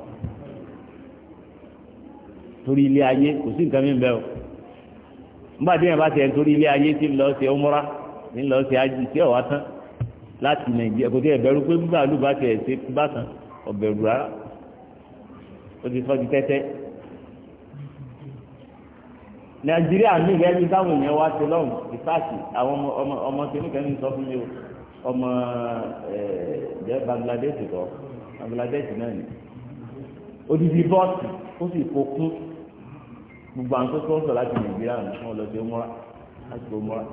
torí ilé ayé kò sí nǹkan mímu bẹ́ẹ̀ o nígbà tí yẹn bá tẹ̀ torí ilé ayé tí ń lọ sí ọmọra ní lọ sí ají tí ọ̀wá tán láti nàìjíríà kò tí ẹ̀ bẹ̀rù pé bíbá àlùbá tẹ̀ ṣe bá tán ọ̀bẹ̀rù rárá ó ti sọ́ di tẹ́tẹ́ nàìjíríà ní ìrẹ́lí táwọn èèyàn wá ṣe lọ́hùn ìfáàsì àwọn ọmọ ọmọ kìnnìkanì sọ fún mi o ọmọ eh, ẹ̀ Bangladesh kọ Bangladesh náà ni odidi bọ́ọ̀sì ó sì kó kún gbogbo àwọn tó sọ̀rọ̀ láti nàìjíríà nìkan lọ sí ọmọra láti ọmọra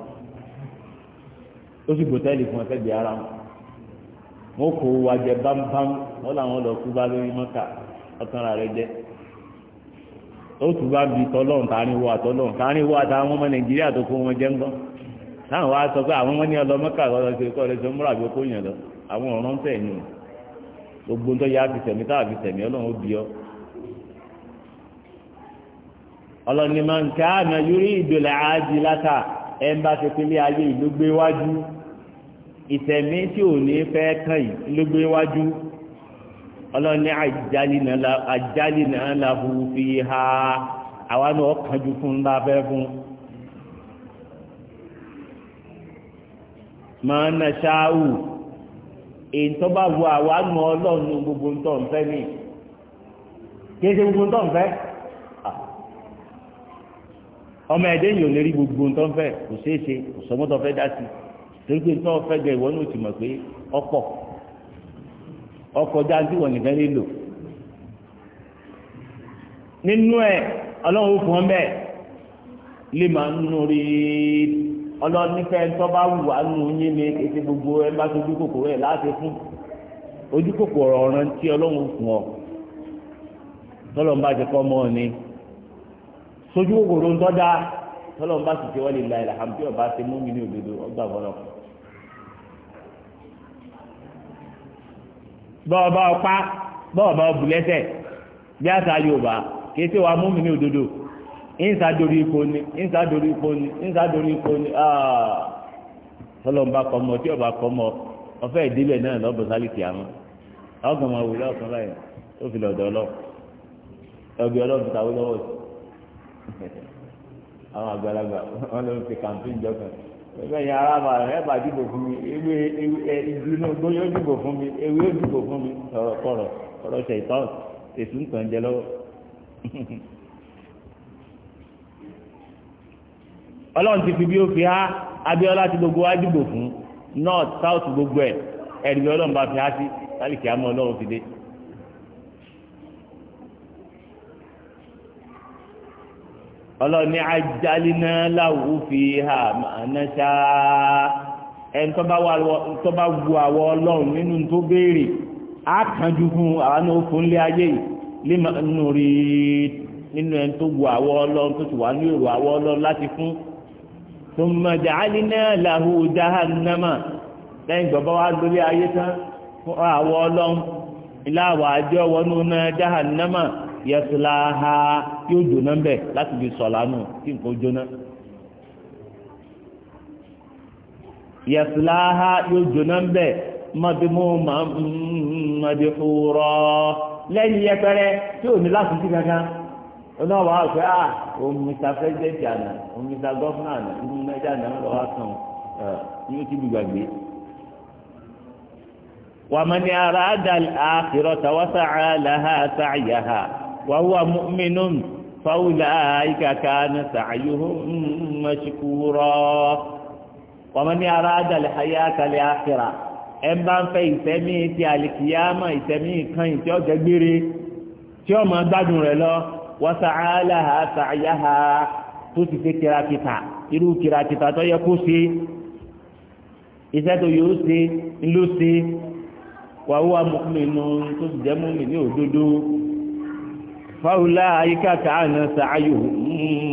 ó sì gbòtẹ́ẹ̀lì fún ẹgbẹ́ ara wọn wọn kò wájẹ bámbám wọn làwọn lọ kú bá lórí mọ́ta ọ̀tàn rà rẹ jẹ́ ó tún bá bi tọ́lọ́n tààrin wo àtọ́lọ́n tààrin wo àtàwọn ọmọ nàìjíríà tó fún wọn jẹ́ ńgbọ́n táwọn wá sọ pé àwọn ọmọ ní ọlọ́mọ́kà lọ́dọ̀ ṣe kọ́ lẹ́sọ múra bí okó yàn lọ àwọn ọ̀ràn tẹ̀ ní o gbogbo tó yá fi tẹ̀mí táà fi tẹ̀mí ọlọ́run ó bí ọ. ọlọ́ni máa ń ká àná yúrí ìdòlẹ̀ ájì látà ẹ̀ ń bá ṣe pé ilé ayé ìlú ìtẹ̀mí tí ò ní fẹ́ kàn yìí ló ọlọ́ni àjálìnà lahu fi ha àwa náà kánjú fún bá fẹ́ fún. máa na ṣááwù èyí tó bá wo àwa nu ọlọ́run gbogbo ń tọ̀ ń fẹ́ mi kí ṣe gbogbo ń tọ̀ ń fẹ́ ọmọ ẹ̀dẹ́ yìí ò lè rí gbogbo ń tọ́ ń fẹ́ kò ṣeé kò sọmọ́tọ̀ fẹ́ dá sí torí pé ń tọ́ fẹ́ gẹ ìwọ ní òtún mọ̀ pé ọ̀pọ̀. ọkọjá tí wọ́n nìkan nílò nínú ẹ̀ ọlọ́run fún ọ bẹ́ẹ̀ lè máa ń nù rí ọlọ́run nífẹ̀ẹ́ tó bá wù nù yín ètè gbogbo ẹ bá tó ojú kòkòrò láti fún ọ̀ràn tí ọlọ́run ọ tọ́lọ́n ti kọ́ mọ́ ọ ni sojú kòkòrò ń tọ́ da sì bọ́ọ̀bá ọpá bọ́ọ̀bá ọbùlẹ́sẹ̀ bí àṣà yorùbá kìí ṣe ní ipò ni ìǹsàdórí ipò ni ìǹsàdórí ipò ni ah! tí ọba kọ́mọ ọfẹ́ ìdíbẹ̀ náà lọ́bọ̀ sálìkì àmọ́ ọgbọ̀n máa wòlé ọ̀kan báyìí ó fi lọ́dọ̀ ọlọ́ ọbẹ̀ tàwé lọ́wọ́ sí àwọn àgbàlagbà wọn fi ẹgbẹ́ yẹn arábà rẹ̀ ẹ̀bà dìbò fún mi ewé ìdúná gbóyè ó dìbò fún mi ewé ó dìbò fún mi ọ̀rọ̀ kọ̀rọ̀ ọ̀rọ̀ ṣe ìtọ́ èsù ń tàn jẹ lọ́wọ́. ọlọ́run ti fi bí ó fi há abíọ́lá ti gbogbo wa dìbò fún north south gbogbo ẹ̀ ẹ̀rí ọlọ́run bá fi há sí sálìkì àmọ́ ọlọ́run fi dé. ọlọ́ni ajálínà láwù fi hà máa ṣá ẹni tó bá wu àwọ ọlọ́run nínú tó béèrè á kánjú fún àwọn náà fún lé ayé yìí lima nùrí nínú ẹni tó wu àwọ ọlọ́run tó ti wà ní èrò àwọ ọlọ́run láti fún tó mọ̀ jálínà láwù jahannama lẹ́yìn gbọ́bọ́ wá lórí ayé tán fún àwọ ọlọ́run ìlà àwọ̀ àjọ wọnú náà jahannama yẹtùláha yóò jóná ń bẹ láti fi sọ̀lá nù kí nǹkan jóná. yasilaha yóò jóná ń bẹ mọdìmú mọdìfúrọ lẹ́yìn yẹpẹrẹ tí ò ní láti sí kankan onáwó àwọn àgbẹ̀ à omisa president àná omisa gọ́fúnà àná omisa àná lọ́wọ́ sàn ní o ti bí gbàgbé wàmàní ara adàl àkìrọ̀tà wàsàcà làhà sàcàyà hà wàhùwà mùmínú. فأولئك كان سعيهم مشكورا ومن أراد الحياة الآخرة ẹn bá ń fẹ́ ìsẹ́mí ti àlìkìyámọ̀ ìsẹ́mí kan tí ó jẹgbére tí ó máa gbádùn rẹ̀ lọ وسعى لها سعيها tó ti ṣe kìràkìtà irú kìràkìtà tó yẹ kó ṣe iṣẹ́ tó yóò ṣe ló ṣe وهو مؤمن tó ti jẹ́ mọ́mí ní òdodo fáwùlá àyíká tààna sàáyò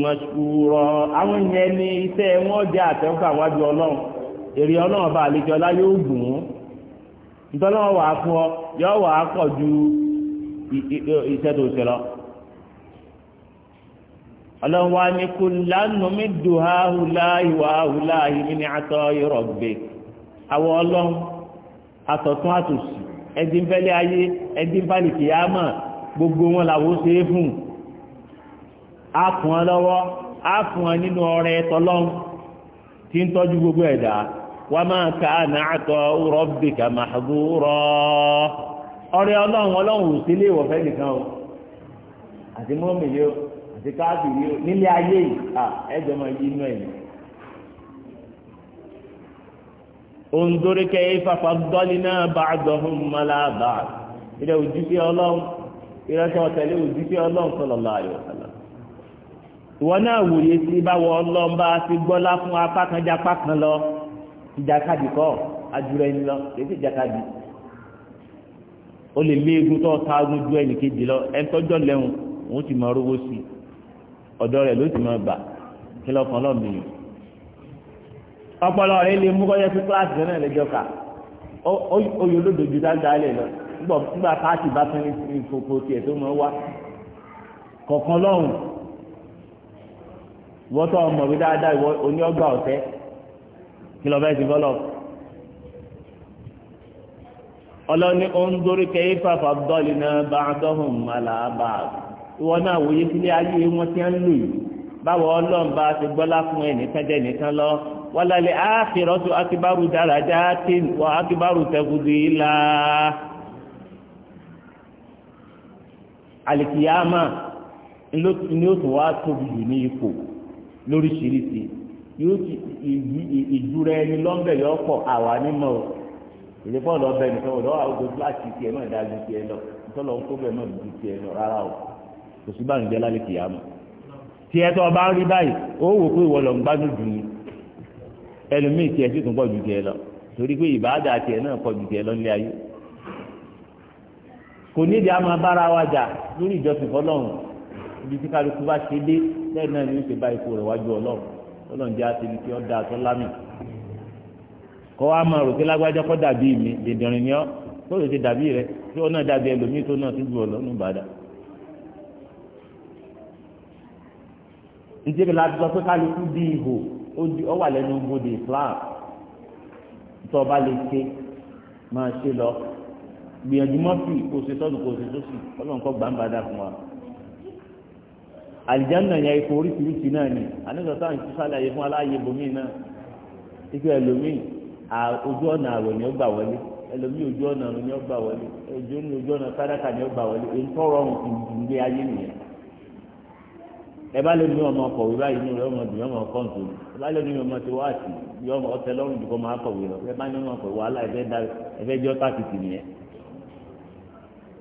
mọ̀ṣúrọ̀ àwọn yẹn ní iṣẹ́ wọn jẹ́ àtẹ̀wọ́fà wájú ọlọ́run èrè ọlọ́run bá àlejò ọlá yóò gùn ún ntọ́lọ́wọ́ wàá fún ọ yọ wàá ju iṣẹ́ tó ṣe lọ. wa ní kò lánàá mi dùn áhùlá ìwà áhùlá ní atọ́ ìrọ̀gbẹ́ ọlọ́run atọ̀tún gbogbo wọn làwọ́ ṣe é fún a fún ọ lọ́wọ́ a fún ọ nínú ọrẹ tí gbogbo ẹ̀dá wa ma kana ata rabbika mahdura ọrẹ ọlọ́run ọlọ́run ò sílé ìwọ̀fẹ́ nìkan o àti mọ́mìlì o àti o nílé ayé yìí à ẹ̀jọ̀ máa yí inú ẹ̀yìn. ìránṣẹ́ ọ̀tẹ̀lé òjíṣẹ́ ọlọ́run sallallahu alaihi wasallam ìwọ náà wòye sí báwo ọlọ́run bá ti gbọ́lá fún apá kan já apá kan lọ ìjàkadì kọ́ adúrẹ́ ni lọ èyí ti ìjàkadì o lè lé egun tó ta ogun ju ẹnì kejì lọ ẹni tọ́jọ́ lẹ́hùn òun ti máa rówó sí ọ̀dọ́ rẹ̀ ló ti máa bà kí lọ́ kan ọpọlọ rẹ lè mú kọ́jọ́ sí kíláàsì náà lẹ́jọ́ ká ó yọ olódodo dáadáa lẹ́ lọ́ọ́ nígbà pààtì bá tún ní ìfòfò tiẹ̀ tó mọ̀ wá kọ̀ọ̀kan lọ́hùn wọ́n tọ́ ọmọ mi dáadáa ìwọ oní ọgbà ọ̀tẹ́ kí lọ́ọ́ bẹ́ẹ̀ ti bọ́ lọ. ọlọ́ni ó ń dórí kẹ́yí fàfà bọ́ọ̀lì náà bá a dọ́hùn màlàbà ìwọ náà wòye sílé ayé wọn ti ń lò yìí báwo ọlọ́run bá ti gbọ́lá fún ẹnìkan jẹ́ nìkan lọ wọ́n lálẹ́ àáfíìrọ́tù akíbárù dáradá tí wọ́n akíbárù tẹ́kùdù yìí Alikiyama ni ó tún wá tóbi jù ní ipò lóríṣiríṣi yóò ti ìdúró ẹni lọ́nbẹ̀ yọ pọ̀ àwa nímọ̀ o èdè bọ́ọ̀lù ọbẹ̀ nìkan ọ̀dọ́ àwògbé fúláàtì tiẹ̀ náà dájú tiẹ̀ lọ ìtọ́lọ̀ tó bẹ̀ náà dùdú tiẹ̀ lọ rárá o kò sí bá lálẹ́ kìyàmù tiẹ̀ tó ọba ń rí báyìí ó wò pé ìwọ lọ ń gbádùn jù ní ẹlòmíì tiẹ̀ sì tún pọ̀ ju tiẹ̀ lọ torí pé ìbáàdà tiẹ̀ náà pọ̀ ju tiẹ̀ lọ nílé ayé kò nídìí a máa bára wa jà lórí ìjọsìn fọlọ́run ibi tí kálukú bá ṣe dé lẹ́yìn náà ni ó ṣe bá ipò rẹ̀ wájú ọlọ́run ọlọ́run jẹ́ àtẹni tí ó da aṣọ lámì kọ́ wa máa rò pé lágbájá kọ́ dàbí mi dèdèrìn ni ọ́ tó lè ṣe dàbí rẹ tí ó náà dàbí ẹlòmíì tó náà ti la pé kálukú di ihò ó wà lẹ́nu tó gbìyànjú mọ́fì kò ṣe sọ́dún kò ṣe sósì ọlọ́run kọ́ gbàǹbà dà fún wa. àlìjáná yẹn ipò oríṣiríṣi náà ni àníṣọ́tà ń sísálẹ̀ ayé fún aláàyè bòmíì náà ikú ẹlòmíì ojú ọ̀nà àwẹ̀ ni ó gbà wọlé ẹlòmíì ojú ọ̀nà wọlé ojú ojú ọ̀nà sádàkà ni wọlé èyí tó rọrùn ayé nìyẹn. ẹ bá lè ní ọmọ inú rẹ ọmọ ọmọ ẹ bá lè ní ọmọ tí àti ọtẹ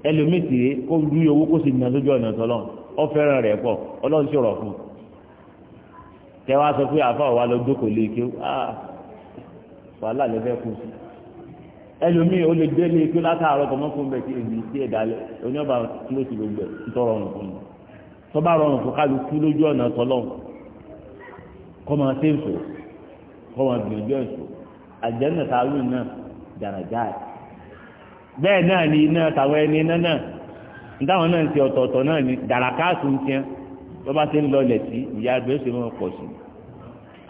ẹlòmíì sì rè kó lu owó kó sì nà lójú ọ̀nà tọ́lọ́ ọ fẹ́ràn rẹ̀ pọ̀ ọlọ́run sì rọ̀ fún un tẹ wá sọ pé àfa ọ̀wá lọ jókòó lé kí ó ah, wàhálà lè fẹ́ kú sí ẹlòmíì ó lè dé lé kí ó látàárọ̀ kọ́mọ́ fún bẹ́ẹ̀ kí èmi sí ẹ̀dá lẹ oníyọ̀bà kílòsì gbogbo ẹ̀ ń tọrọ ọ̀run fún un tọ́ba rọrùn fún kálukú lójú ọ̀nà tọ́lọ́run kọ́ máa ṣe ń sọ kọ́ máa gbìyànjú ẹ̀ sọ ẹ̀ bẹ́ẹ̀ náà ni iná tàwọn ẹni iná náà nítawọn náà ti ọ̀tọ̀ọ̀tọ̀ náà ni dàràkáàsù ń tiẹ́ bọ́bá ti ń lọ ilẹ̀ sí ìyá àgbẹ̀ ṣe máa pọ̀ sí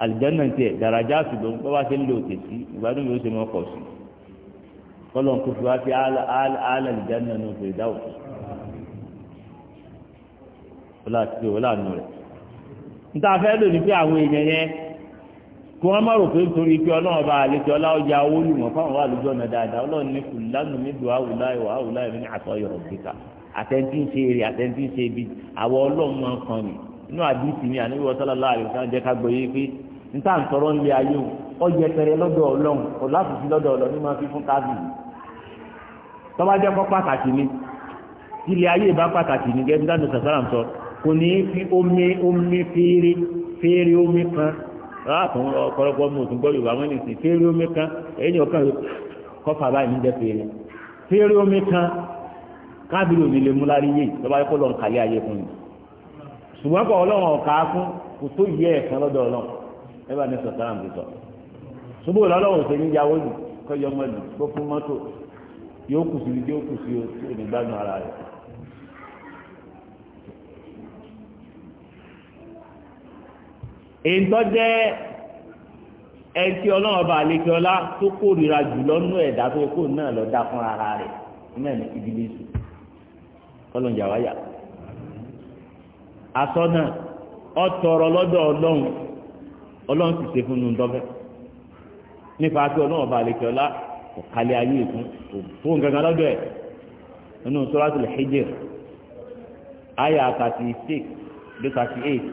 àlìjẹ́nà tiẹ̀ dàràjá ṣùgbọ́n bọ́bá ti ń lo òkè sí ìgbádùn yóò ṣe máa pọ̀ sí kọ́lọ̀ kó fi wá sí àlàlìjẹ́nà ní òkè ìdáwò ọlá àti ọlá àánú rẹ̀ níta fẹ́ lò ní pé àwọn èèyàn yẹn kí wọ́n má rò pé nítorí pé ọlọ́run bá àlejò ọláwó ya owó lù wọ́n fáwọn wà lójú ọ̀nà dáadáa ọlọ́run ní kù lánàá mi dùn àwùlá ní àtọ́yọ̀ òkèkà ibi ọlọ́run máa ń kan inú àdìsí mi àníwí o ọ yẹ pẹrẹ lọ́dọ̀ ọlọ́run láàtún ọ̀pọ̀lọpọ̀ mú òtún gbọ́dọ̀ àwọn ènìyàn sì fẹ́ẹ́rẹ́ omi kan ẹ̀yìn ọ̀kan kọfà báyìí ní jẹ́ fẹ́ẹ́rẹ́ fẹ́ẹ́rẹ́ omi kan káàbìrì òní lè mú lárí yé lọ́ba yẹ kó lọ́n kàlẹ́ ayé fún mi ṣùgbọ́n kọ́ ọlọ́run ọ̀ka fún kò tó yẹ ẹ̀kan lọ́dọ̀ ọlọ́run ẹ bá ní sọ̀tàrà ti sọ ṣùgbọ́n ọlọ́run ṣe ní yàwó yìí kọ́ yọmọ yìí kó fún mọ́tò yóò kù sí ibi kù sí èyí jẹ́ ẹtí ọlọ́run ọba tó kórìíra jù lọ́nú ẹ̀dá tó kó náà lọ dá fún ara rẹ̀ mẹ́rin ìdílé sùn kọ́lọ́n wáyà. àsọ̀nà ọ̀tọ̀ọ̀rọ̀ lọ́dọ̀ ọlọ́run ọlọ́run ti ṣe fún un dọ́fẹ́ nípa ọba àlejò ayé fún lọ́dọ̀ ẹ̀ nínú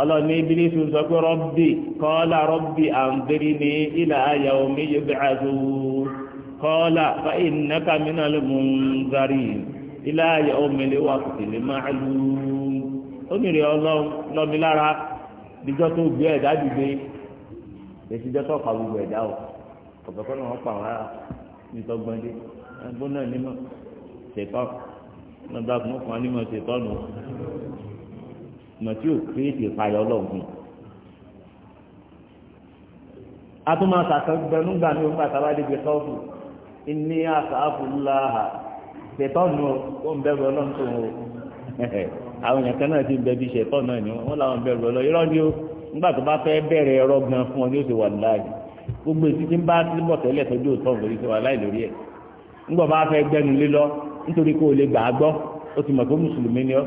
ọlọ́ni ibilisi sọ pé rọ́bì kọ́ọ́lá rọ́bì àǹdírí ní ilà ayà omi yub'athu kọ́ọ́lá fa innaka minal munzarin ilà ayà omi lè wà kùtìlẹ̀ máa lù ú. ó nìrè ọlọ́run lọ́mi lára níjọ́ tó gbé ẹ̀dá dìde èsì jẹ́ tọ́ka gbogbo ẹ̀dá o ọ̀gbẹ́kọ́ náà pa àwọn nítọ́gbọ́ndé ẹgbọ́n náà nímọ̀ ṣètọ́ nígbà tó wọ́n pa nímọ̀ ṣètọ́ nù ìmọ̀ tí ò kírètì ìpayọ̀ ọlọ́ọ̀gbìn. a tún máa sàkẹ́gbẹ́nu gbà ní onígbà tá a bá débi tọ́ọ̀fù ní àsàáfùláhà ṣètọ́nù ó ń bẹ̀rù ọlọ́run tó ń wò àwọn èèyàn kan náà ti ń bẹbi ṣètọ́nù náà ni wọ́n làwọn bẹ̀rù ọlọ́run irọ́ ni ó nígbà tó bá fẹ́ bẹ̀rẹ̀ ẹ̀rọ gan fún ọ ní oṣù wà láàyè gbogbo èsì tí ń bá ti bọ̀ tẹ́lẹ̀ tọ́jú òtọ́ nítorí wà láì lórí ẹ̀ ńgbọ̀ bá fẹ́ gbẹnu lé lọ nítorí kó o lè gbà á ti mọ̀ pé mùsùlùmí ni ọ́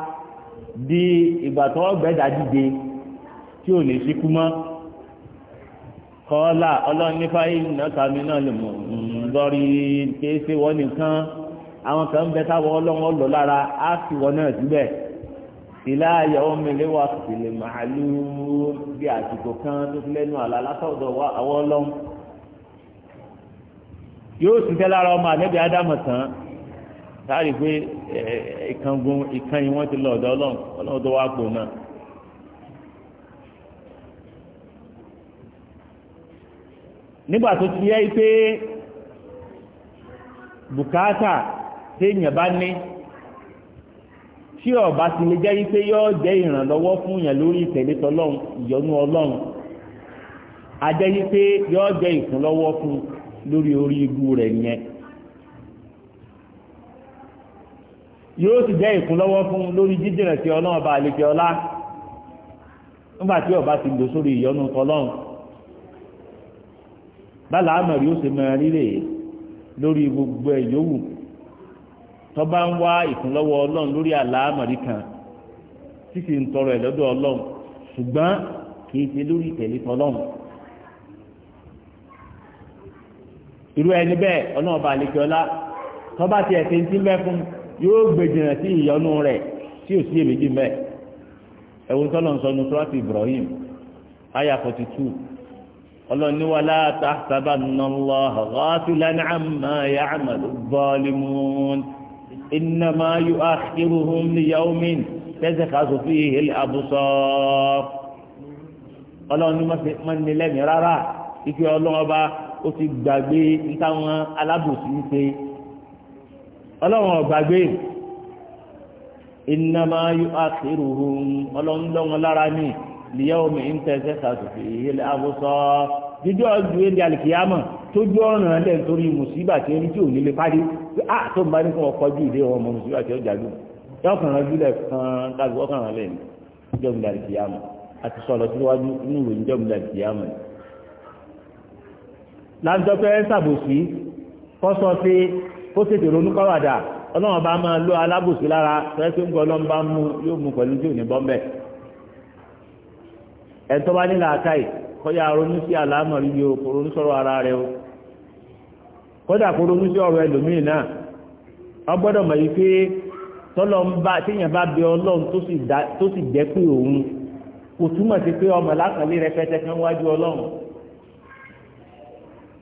di ìgbà tó gbẹ́dà dìde tí ò lè síkú mọ́ kọ́lá ọlọ́nífà iná kàmí náà lè mọ̀ lọ́rí kéésì wọ́n nìkan àwọn kan bẹ táwọn ọlọ́wọ́ lọ lára á fi wọn náà síbẹ̀ ìlà àyẹ̀wò mẹ́lẹ́ wà sílẹ̀ màálù bí àsìkò kan tó fi lẹ́nu àlá látọ̀dọ̀ àwọn ọlọ́wọ́ yóò sì tẹ́ lára ọmọ àlẹ́bí ádámù tán sáàrì pé ìkángun ìkànnì wọn ti lọ ọ̀dọ̀ Ọlọ́run Ọlọ́run tó wá pò náà. nígbà tó ti yẹ pé bùkátà téèyàn bá ní tí ọba ti lè jẹ́ wípé yọ́ jẹ́ ìrànlọ́wọ́ fún yàn lórí ìtẹ̀lé tọlọ́run ìyọ́nú ọlọ́run a jẹ́ wípé yọ́ jẹ́ ìkúnlọ́wọ́ fún lórí orí ibu rẹ̀ yẹn yóò sì jẹ́ ìkúnlọ́wọ́ fún lórí jíjìnà sí ọlọ́run bá àlejò ọlá nígbà tí ọba ti lò sórí ìyọnu tọlọ́run bálá àmọ̀rí ó sì máa rírè lórí gbogbo ẹ̀ yòówù tó bá ń wá ìkúnlọ́wọ́ ọlọ́run lórí àlá àmọ̀rí kan títí ń tọrọ ẹ̀ lọ́dọ̀ ọlọ́run ṣùgbọ́n kì í ṣe lórí ìtẹ̀lé tọlọ́run. irú ẹni bẹ́ẹ̀ ọlọ́run bá àlejò ọlá tó bá ti ẹ̀sìn tí mẹ́ fún un yóò gbé jìnnà sí ìyọnu rẹ̀ tí ò sí èméjì mẹ́ ẹ̀wọ̀n tọ́lọ̀ ń sọ nu sọ́ọ́tì Ibrahim aya forty two ọlọ́run ní wàlá tàbá nàlọ́ ọ̀gáfílan àmà yà àmàlú bọ́ọ̀lìmùn ìnàmá yóò àkírùhùn níyàwómin tẹ́sẹ̀ káàsó fi hìlì àbùsọ̀ ọlọ́run ní wọ́n ní lẹ́mìí rárá ike ọlọ́run ọba ó ti gbàgbé nítawọn alábòsí ń ṣe ọlọ́run ọ̀gbàgbé ìnàmá yóò àkérò ohun ọlọ́run lára ní ìyàwó mi ń tẹ̀sẹ̀ sàtòfì ilé abúsọ jíjọ́ ju ilé alìkìyàmọ̀ tó jọ ọ̀ràn ẹ̀lẹ́ nítorí mùsíbà tí orí tí ò nílé parí pé a ah, tó ń bá ní fún ọkọ̀ ju ìdí ọmọ mùsíbà tí ó jàdù yọkàn rán jùlẹ̀ kan kájú ọkàn rán lẹ́yìn jọ́ ilé alìkìyàmọ̀ àti sọ̀rọ̀ síwájú inú ìròyìn jọ́ ilé alìkìyàmọ̀ láńtọ́pẹ́ sàbòsí kọ́sọ́ sí kó tètè ronú kọ́wàdà ọlọ́run bá máa lo alábòsí lára fẹ́ẹ́ tó ń gbọ́ ọlọ́run bá mú yóò mú pẹ̀lú tí ò ní bọ́m̀bẹ̀ ẹ̀tọ́ bá nílà àkáì kọ́yà ronú sí àlámọ̀ o kò ronú sọ̀rọ̀ ara rẹ o kódà kò ronú sí ọ̀rọ̀ ẹlòmíì náà wọ́n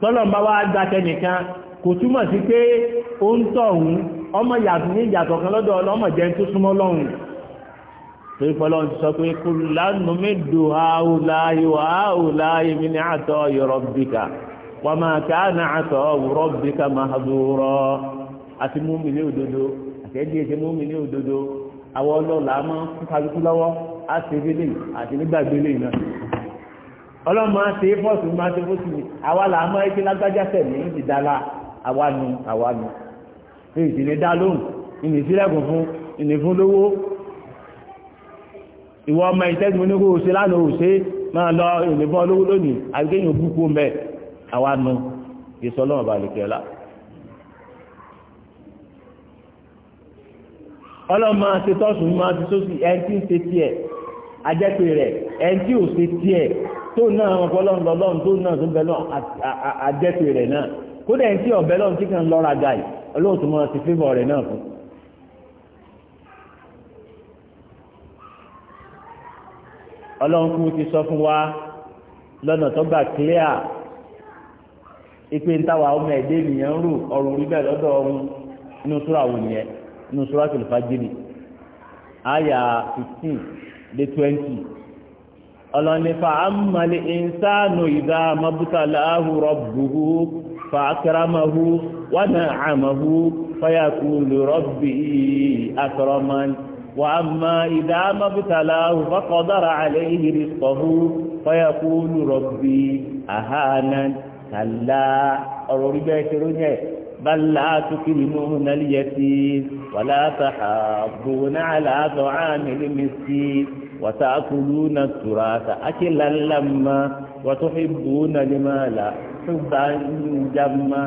tọ́lọ̀ bá wá dákẹ́ nìkan kò túmọ̀ sí pé ó ń tọ̀hún ọmọ yàtọ̀ ní ìyàtọ̀ kan lọ́dọ̀ ọlọ́mọ jẹ́ tó súnmọ́ lọ́hùn torí pọ́lọ́ ti sọ pé kò lánàmídò àwòláyé wà áwòláyé mi ní àtọ̀ rabbika wà máa ká ní àtọ̀ rabbika mahdura àti múmi ní òdodo àti ẹ̀dí ẹ̀dí múmi ní òdodo àwọn ọlọ́ọ̀lá máa ń kú kájú lọ́wọ́ á ti rí lè àti nígbàgbé lè náà ọlọ́mọ àti fọ́ọ̀sì máa ṣe fọ́ọ̀sì mi àwa là á mọ ẹgbẹ́ lágbájá tẹ̀mí ń ti dára àwa nu àwa nu fi ìdílé dá lóhùn ìní sílẹ̀kùn fún ìní fún lówó ìwọ ọmọ ìtẹ́sí mi ní kó o ṣe lánàá o ṣe máa lọ ìní fún olówó lónìí àgbéyìn òbúkú mẹ́ àwa nu ìsọ ọlọ́mọ balẹ̀ kẹ́lá. ọlọ́mọ àti tọ́sùn máa ti sósì ẹ̀ ń tí ń ṣe tiẹ̀ ajẹ́pẹ̀ rẹ̀ ẹni tí ò ṣe tiẹ̀ tó náà wọn fọlọ́n lọ́lọ́n tó náà tó bẹ̀lọ́ ajẹ́pẹ̀ rẹ̀ náà kódà ẹni tí ọ̀bẹ lọ́n tí kan lọ́ra ga yìí ọlọ́run tó máa ti fífọ̀ rẹ̀ náà fún. ọlọ́run kú ti sọ fún wa lọ́nà tó gbà clear ipe ntawa ọmọ ẹ̀dẹ́ ènìyàn ń rò ọ̀rọ̀ orí bẹ́ẹ̀ lọ́dọ̀ ọ̀run inú sura wò nìyẹn inú sura tòlùfà jìnnì àyà fifteen dé twenty ọlọ́nifà amali ìnsánu ìdá mabutalahu rabbuhu fàákàràmahu wọnà àmàhu fayakulu rabbi akọrọman wà àmà ìdá mabutalahu fakọdara àlẹ́yìí rìsọ̀hu fayakulu rabbi ahanan kàlá ọ̀rọ̀ orí bẹ́ẹ̀ ṣe ló yẹ bala tukirimu naliyati wàlá tàxà bùnà àlàtọ̀ àmì lè mẹ́sì. وتأكلون التراث أكلا لما وتحبون المال حبا جما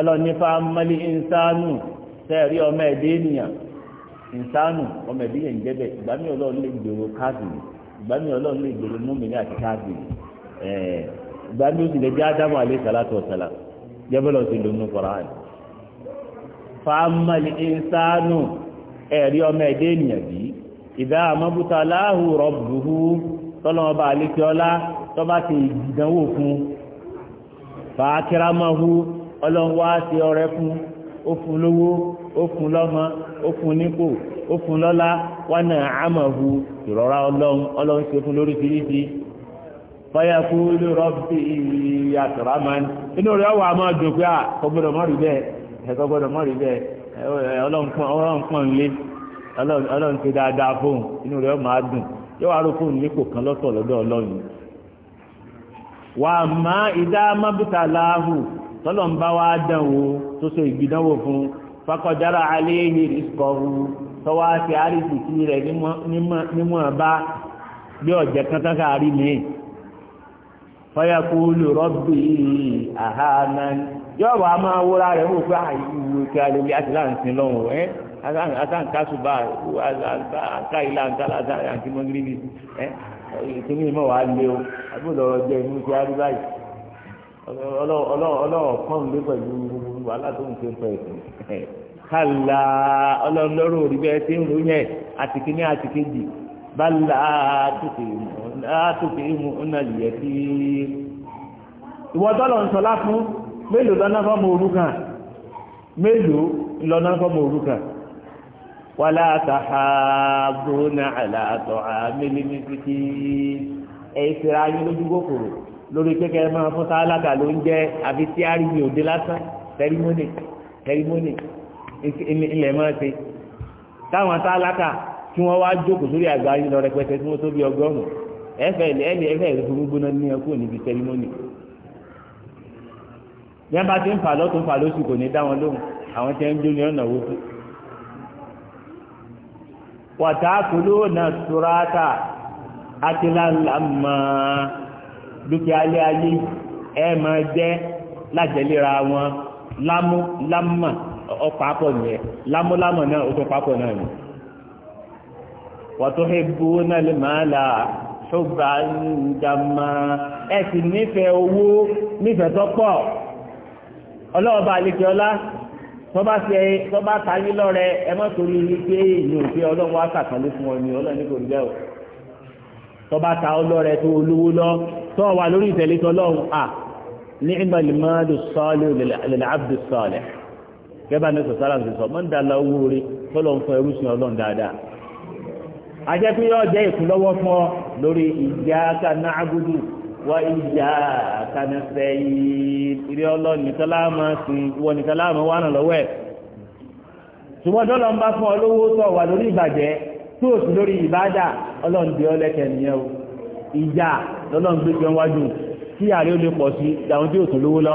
ọlọ́ni fáamálì ìnsánù sẹ́ẹ̀rí ọmọ ẹ̀dẹ́ ènìyàn ìnsánù ọmọ ẹ̀dẹ́ yẹn jẹ́bẹ̀ ìgbà mi ọlọ́run lè gbèrò káàdìrì ìgbà mi ọlọ́run lè gbèrò múmìnira àti káàdìrì ẹ̀ẹ́ ìgbà mi ó sì lè jẹ́ ádámù alẹ́ sàlátọ̀ sàlá jẹ́bẹ̀lọ́ sí lónú kọ́ra ẹ̀ ìnsánù ẹ̀rí ọmọ ẹ̀dẹ́ ènìyàn bíi ìdá àmọ́bútà láàhù rọ̀bùhù tọ́lọ́mọba àlékiọ́lá tọ́ba ti ìdánwò fún fàákírámọ́hù ọlọ́wọ́ àti ọ̀rẹ́ fún ó fún lówó ó fún lọ́mọ ó fún nípò ó fún lọ́lá wánà àmọ̀hù ìrọ̀rá ọlọ́run ọlọ́run ṣe fún lóríṣiríṣi fọ́yàkú lórọ́bì àtọ̀rámán inú rẹ̀ wà máa dùn pé ọlọ́run ti dáadáa fóun inú rẹ̀ máa dùn yóò wá kan lọ́tọ̀ lọ́dọ̀ ọlọ́run wà má ìdá mábùtà láàhù tọ́lọ̀ ń bá wá fún fakọ̀dára aléhìn ìsìkọ̀rù tọ́wọ́ àti rẹ̀ nímọ̀ bá bí ọ̀jẹ̀ mi a máa wúra rẹ̀ wò pé kí a lè àti láǹsìn lọ́wọ́ ẹ́ asáǹkásùbà àǹká ilé àǹká lásán àǹkí mọ́gíríbì ẹ ìkíní mọ̀ wá lé o àbúrò ọ̀rọ̀ jẹ́ ìmú ti arí báyìí ọlọ́wọ́ kọ́ọ̀n lé pẹ̀lú gbogbo alátòun ṣe pẹ̀ kálá ọlọ́lọ́rọ̀ òrí bẹ́ẹ̀ tí ń ròyìn ẹ̀ àtìkíní àtìkéjì bálá àtòkè ìmú ọ̀nà ìyẹ́ tí ìwọ́tọ́lọ̀ ń sọlá fún mélòó lọ́nà fọ́mọ orúkà mélòó lọ́nà fọ́mọ orúkà wàlá àtàhàbùnà àlàtọ̀ àmìlímìtìkì ẹ̀yìn fìrà ayé lójú kòkòrò lórí pé kẹ́kẹ́ máa fún sálága ló ń jẹ́ àbí tí a rí mi òde lásán tẹrimónì tẹrimónì ilẹ̀ máa ṣe táwọn sálága tí wọ́n wá jókòó sórí àgbà yín lọ rẹpẹtẹ tí wọ́n tó bí ọgọ́rùn-ún ẹ̀fẹ̀ ẹ̀lẹ́ ẹ̀fẹ̀ ìrìnkúrú gbóná ní ẹkú níbi tẹrimónì yẹn bá ti ń fà lọ́tún fà lóṣù kò ní dá lóhùn àwọn tí wọ́n ń jó ní ọ̀nà wọ́pẹ́ wàtàkùlùnà sùràtà àti làlámà dúkìá lé ayé ẹ máa jẹ lájẹlera wọn lámú lámà ọkọ apọ nìyẹn lámú lámà náà ó tún papọ̀ náà ni. watuhibbuna al-mala hubban jamma ẹ sì nífẹ̀ẹ́ owó nífẹ̀ẹ́ tọ́pọ̀ ọlọ́ọ̀bá àlejò ọlá tọ́ba ṣe tọ́ba tayé lọ́rẹ ẹ má torí ní pé èyí ò pé ọlọ́run wá sàkánlé fún ọ ní ọlọ́run ní kò rí bẹ́ẹ̀ o tọ́ba ta ọ lọ́rẹ tó olówó lọ tọ́ wa lórí ìtẹ̀lé tọ́lọ́run à ní ìmọ̀lẹ́mọ́lù sọ́ọ́lẹ̀ lẹ́lẹ́ abdu sọ́ọ́lẹ̀ kẹ́bà ní sọ̀sálà ń sọ mọ́ńdà lọ owó orí tọ́lọ́ ń ẹrú sí ọlọ́run dáadáa ajẹ́ pé jẹ́ ìkúnlọ́wọ́ fún ọ lórí iyyaka na'budu wá ìyá àkànnẹsẹ yìí ìrí ọlọ́ọ̀nì kálámà sí wọ́n ní kálámà wà náà lọ́wọ́ ẹ̀ ṣùgbọ́n tó lọ́n bá fún ọ lówó tó wà lórí ìbàjẹ́ tó o sì lórí ìbádà ọlọ́ọ̀dì ọlẹ́kẹ̀ nìyẹn o ìjà lọ́lọ́ọ̀n gbé jẹun wájú kí ààrẹ ó lè pọ̀ sí dàwọn tí o tún lówó lọ.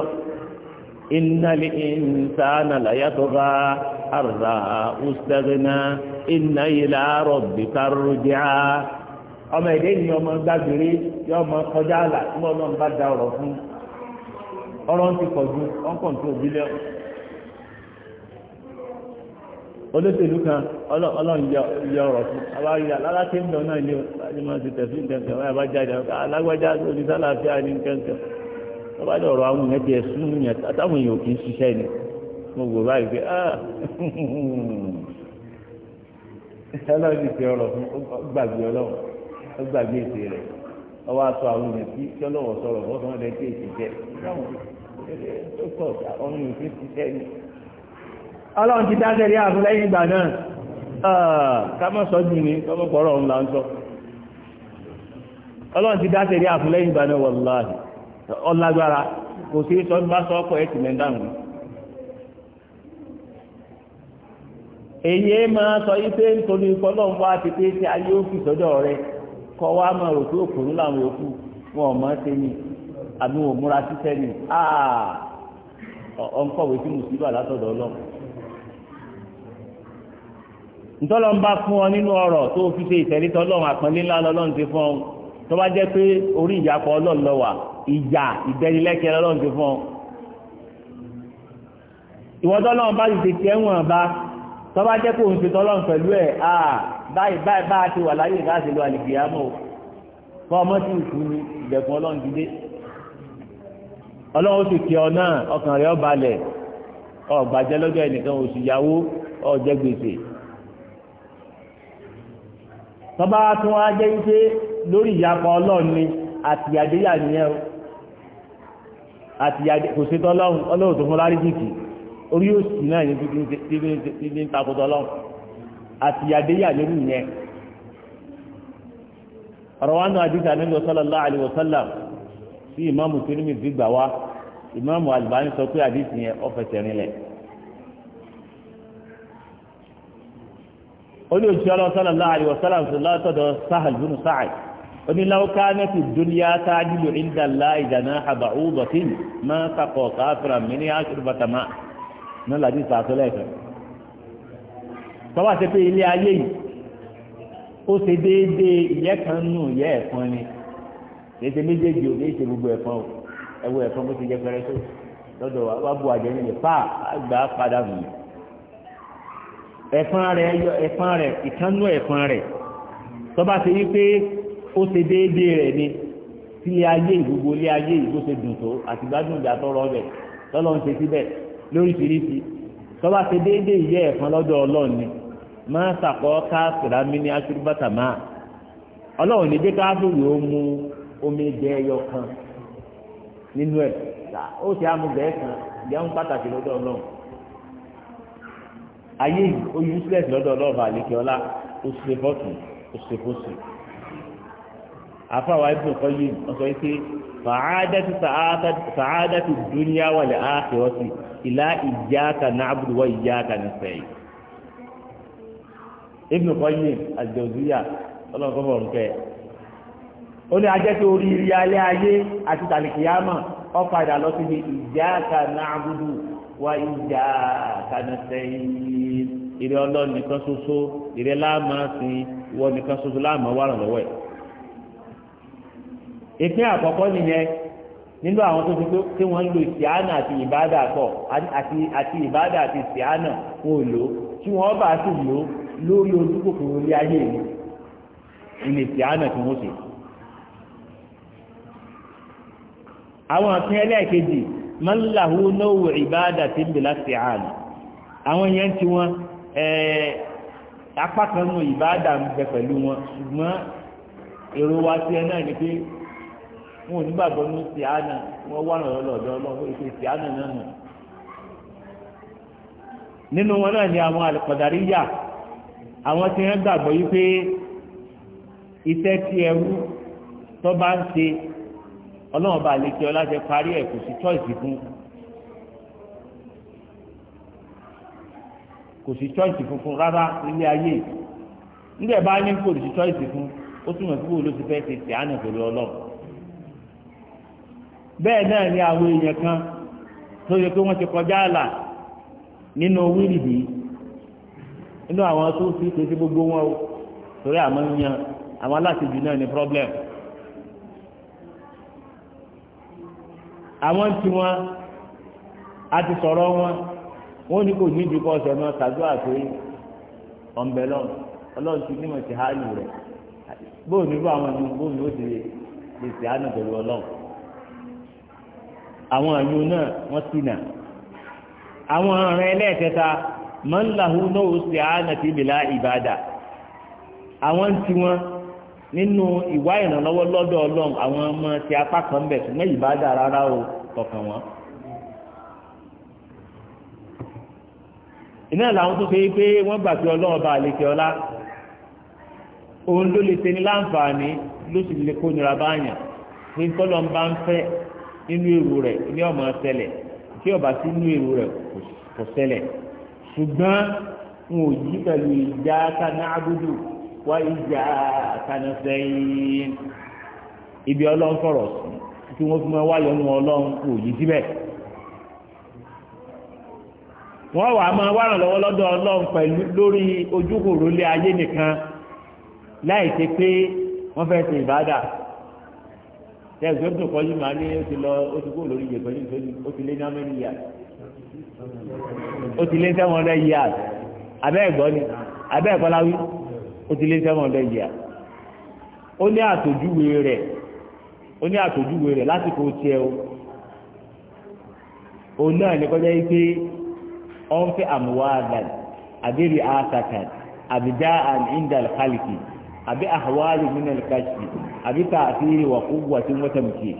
ìnáli ìnsáná làyàtọ̀ bá àrùbá ó ṣẹ́gun náà ìnáyìlá rọ̀ bìkárò jẹ́ ọmọ èdè ni ọmọ gbàgbére yọ ọmọ kọjá àlà tí wọn náà ń bá da fún ń ti pọ̀ ju ọkàn tó bílẹ̀ olóṣèlú kan yọ fún abáyé aláláṣẹ ń bọ̀ náà ni ọmọ ti tẹ̀sí nǹkan jáde alágbájá ní nǹkan àwọn èèyàn yẹn àtàwọn èèyàn kì í ni mo wò báyìí pé ah ti fi fún gbàgbé ó gbàgbé ètè rẹ̀ ọwọ́ aṣọ àwọn èèyàn tí tí ọlọ́wọ́ sọ̀rọ̀ sọ wọn èsì ọlọ́run ti dá sẹ́rí àfún lẹ́yìn ìgbà náà pọ̀rọ̀ ọ̀hún là ń sọ ọlọ́run ti dá sẹ́rí àfún lẹ́yìn ìgbà náà kò sọ bá sọ ọkọ̀ èyí máa sọ yí pé kọ́ wa máa rò pé òkùnrin làwọn yòókù wọn ò mọ̀ ṣe ni àbí wọn ò múra títẹ́ ni ọ̀nkọ̀wé tí mo sì bà látọ̀dọ̀ ọlọ́run ntọ́lọ́ ń bá fún ọ nínú ọ̀rọ̀ tó fi ṣe ìtẹ̀lítọ́ ọlọ́run àpọ́nlé ńlá lọ́lọ́run ti fún ọ tó bá jẹ́ pé orí ìyàpọ̀ ọlọ́run lọ wà ìjà ìdẹ́nilẹ́kẹ́ lọ́lọ́run ti fún ọ. ìwọ́dọ́ ọlọ́run bá ti ṣe tiẹ̀ wọ̀n bá tó bá jẹ́ pé òun ṣe tọ́lọ́run pẹ̀lú ẹ̀ báyìí báyìí bá a ti wà láyé láti lo àlìkìyàmọ̀ o fún ọmọ tí ìkú ni ìdẹ̀kùn ọlọ́run ti dé ọlọ́run sì kí ọ náà ọkàn rẹ̀ ọbalẹ̀ ọ̀gbàjẹ́ lọ́jọ́ ẹnìkan oṣù yàwó ọ̀jẹ́ gbèsè tọ́ba tún wá jẹ́ wípé lórí ìyapa ọlọ́run ni àtìyàdéyà nìyẹn o àtìyàdé kò ṣe tọ́lọ́run ọlọ́run tó fún lárí jìkì orí òsì náà ní títí ní takò tọ́lọ́run àti àdéyà lérú yẹn ọ̀rọ̀ wa nù àdìsá níbi sallallahu alaihi wasallam sí ìmáàmù Tirmidhi gbà wá ìmáàmù Albani sọ pé àdìsí yẹn ó fẹsẹ̀ rinlẹ̀. ó ní òṣìṣẹ́ ọlọ́run sallallahu alaihi wasallam sọ látọ̀dọ̀ Sahal bin Sa'id ó ní law kanat ad-dunya ta'dilu 'inda Allahi janaha ba'udatin ma taqa kafiran minha shurbata náà làdìsá sọ lẹ́ẹ̀kan tọ́wà sí pé ilé ayé yìí ó ṣe déédéé ìyẹ́ kan nù ìyẹ́ ẹ̀fọn ni kìí ṣe méjèèjì ò kìí ṣe gbogbo ẹ̀fọn o ẹ̀wọ̀ ẹ̀fọn bó ti jẹ́ pẹ́rẹ́ tó lọ́dọ̀ wa bu àjẹ́ nílẹ̀ pa àgbà padà mú ẹ̀fọn rẹ̀ ẹ̀fọn rẹ̀ ìkánú ẹ̀fọn rẹ̀ tọ́ba ṣe yí pé ó ṣe déédéé rẹ̀ ni tí ilé ayé ìgbogbo ilé ayé ìgbó ṣe dùn tó àtìgbádùn ìjà tọrọ ọbẹ̀ tọ́lọ́ ń ṣe síbẹ̀ lóríṣiríṣi tọ́ba ṣe déédéé ìyẹ́ ẹ̀fọn lọ́dọ̀ ọlọ́ọ̀ni máa sàkọ́ káàkiri amíní aṣọ́rúbàtà máa ọlọ́run ní jẹ́ káfíìrì ó mu omi ẹgbẹ́ ẹyọ kan nínú ẹ̀ ó ti amúgbẹ́ kan ìyáwó pàtàkì lọ́dọ̀ ọlọ́run ayé yìí ó useless lọ́dọ̀ ọlọ́run àlekè ọlá ó ṣe bọ́ọ̀tù ó ṣe fóṣù afáwa ibùdó kan yìí wọ́n sọ pé fàádàtì dúníà wà lẹ́ àkẹ́wọ́sì ìlà iyyaka na'budu wa iyyaka nasta'in. Ibn Qayyim al-Jawziyya ọlọ́nkọ́bọ̀ ọ̀rùkẹ́ ó ní ajẹ́ tó rí rí alẹ́ ayé àti tàlìkìyàmà ó padà lọ sí ní iyyaka na'budu wa iyyaka nasta'in ìrẹ́ ọlọ́run nìkan ṣoṣo ìrẹ́ láàmà sin ìwọ nìkan ṣoṣo láàmà wà lọ́wọ́ ẹ̀. ìpín àkọ́kọ́ nìyẹn nínú àwọn tó ti pé wọ́n lo àti ìbádà pọ̀ àti ìbádà àti wọn ò lò tí wọ́n bá sì lò lórí ojú kòkòrò orí ayé mi ilé tí a nà tí wọ́n ṣe. àwọn àfin ẹlẹ́ẹ̀kejì máa ń làwọ́ náwó ìbáàdà tí ń bè láti àná àwọn yẹn tí wọ́n apá kan nù ìbáàdà ń bẹ pẹ̀lú wọn ṣùgbọ́n èrò wa ti ẹ ni pé wọn ò nígbàgbọ́ ní ti àná wọ́n wà lọ́dọ̀ ọlọ́run ètò ti àná náà nínú wọn náà ni àwọn àlùkọ̀dárí yà àwọn tí wọ́n gbàgbọ́ yìí pé iṣẹ́ tí ẹrú tó bá ń ṣe ọlọ́run bá lè kí ọ láti parí ẹ̀ kò sí choice fún kò sí choice funfun rárá nílé ayé nígbà bá ní kò sí choice fún ó túmọ̀ sí wo ló ti fẹ́ ṣe tì á nà pẹ̀lú ọlọ́run bẹ́ẹ̀ náà ni àwọn èèyàn kan tó yẹ pé wọ́n ti kọjá àlà nínú wíìlì yìí inú àwọn tó fi pèsè gbogbo wọn o torí àmọ́ ń yan àwọn aláṣejù náà ní problem. àwọn tí wọn a ti sọ̀rọ̀ wọn wọn ní kò ní ju kọ́ ọ̀sẹ̀ náà tàbí àti ọ̀nbẹ̀lọ́n ọlọ́run ti nímọ̀ sí hálù rẹ̀ bóò ní bá àwọn ẹni bóò ní ó ti lè ṣe àánú pẹ̀lú ọlọ́run àwọn àyùn náà wọ́n ti nà àwọn ọ̀ràn ẹlẹ́ẹ̀kẹta man lahu náà ṣe àánàtì bìlá ìbàdà àwọn tí wọn nínú ìwá ìrànlọ́wọ́ lọ́dọ̀ ọlọ́run àwọn ọmọ ti apá kan bẹ̀ ṣùgbọ́n ìbàdà rárá o kọ̀ọ̀kan wọn. iná làwọn tó ṣe pé wọ́n gbà pé ọlọ́run bá àlejò ọlá òun ló lè ṣe ní láǹfààní ló sì lè kó nira báyàn pé kọ́lọ́ ń bá ń fẹ́ nínú èrò rẹ̀ ní ọmọ ṣẹlẹ̀ tí ọba sí nínú èrò rẹ̀ kò ṣẹlẹ̀ ṣùgbọ́n wọn ò yí pẹ̀lú ìjà kaná abudu wá ìjà kaná sẹ́yìn ibi ọlọ́run sọ̀rọ̀ sí kí wọ́n fi máa wáyọ̀ nu ọlọ́run kò yí síbẹ̀ wọ́n wàá máa wá ràn lọ́wọ́ lọ́dọ̀ ọlọ́run pẹ̀lú lórí ojúkòrò ilé ayé nìkan láì ṣe pé wọ́n fẹ́ ṣe ìbádà tẹ̀síọ́dún kọ́jú màá ní ó ti lọ ó ti kúrò lórí ìyẹ̀kọ́ yìí ó ti lé ní amẹ́ríyà ó ti lé seven hundred years abẹ́ ẹ̀gbọ́ ni abẹ́ ẹ̀kọ́ láwí ó ti lé seven hundred years ó ní àtòjúwe rẹ̀ ó ní àtòjúwe rẹ̀ lásìkò tiẹ̀ o òun náà ní kọjá yìí pé ọ̀n fẹ́ àmúwáàdàn àbẹ̀rẹ̀ àtàkàn àbídá àìndàl kálíkì àbí àhàwáàlì mínàl káṣí àbí tààfíì wà kúwà tí wọ́n tẹ̀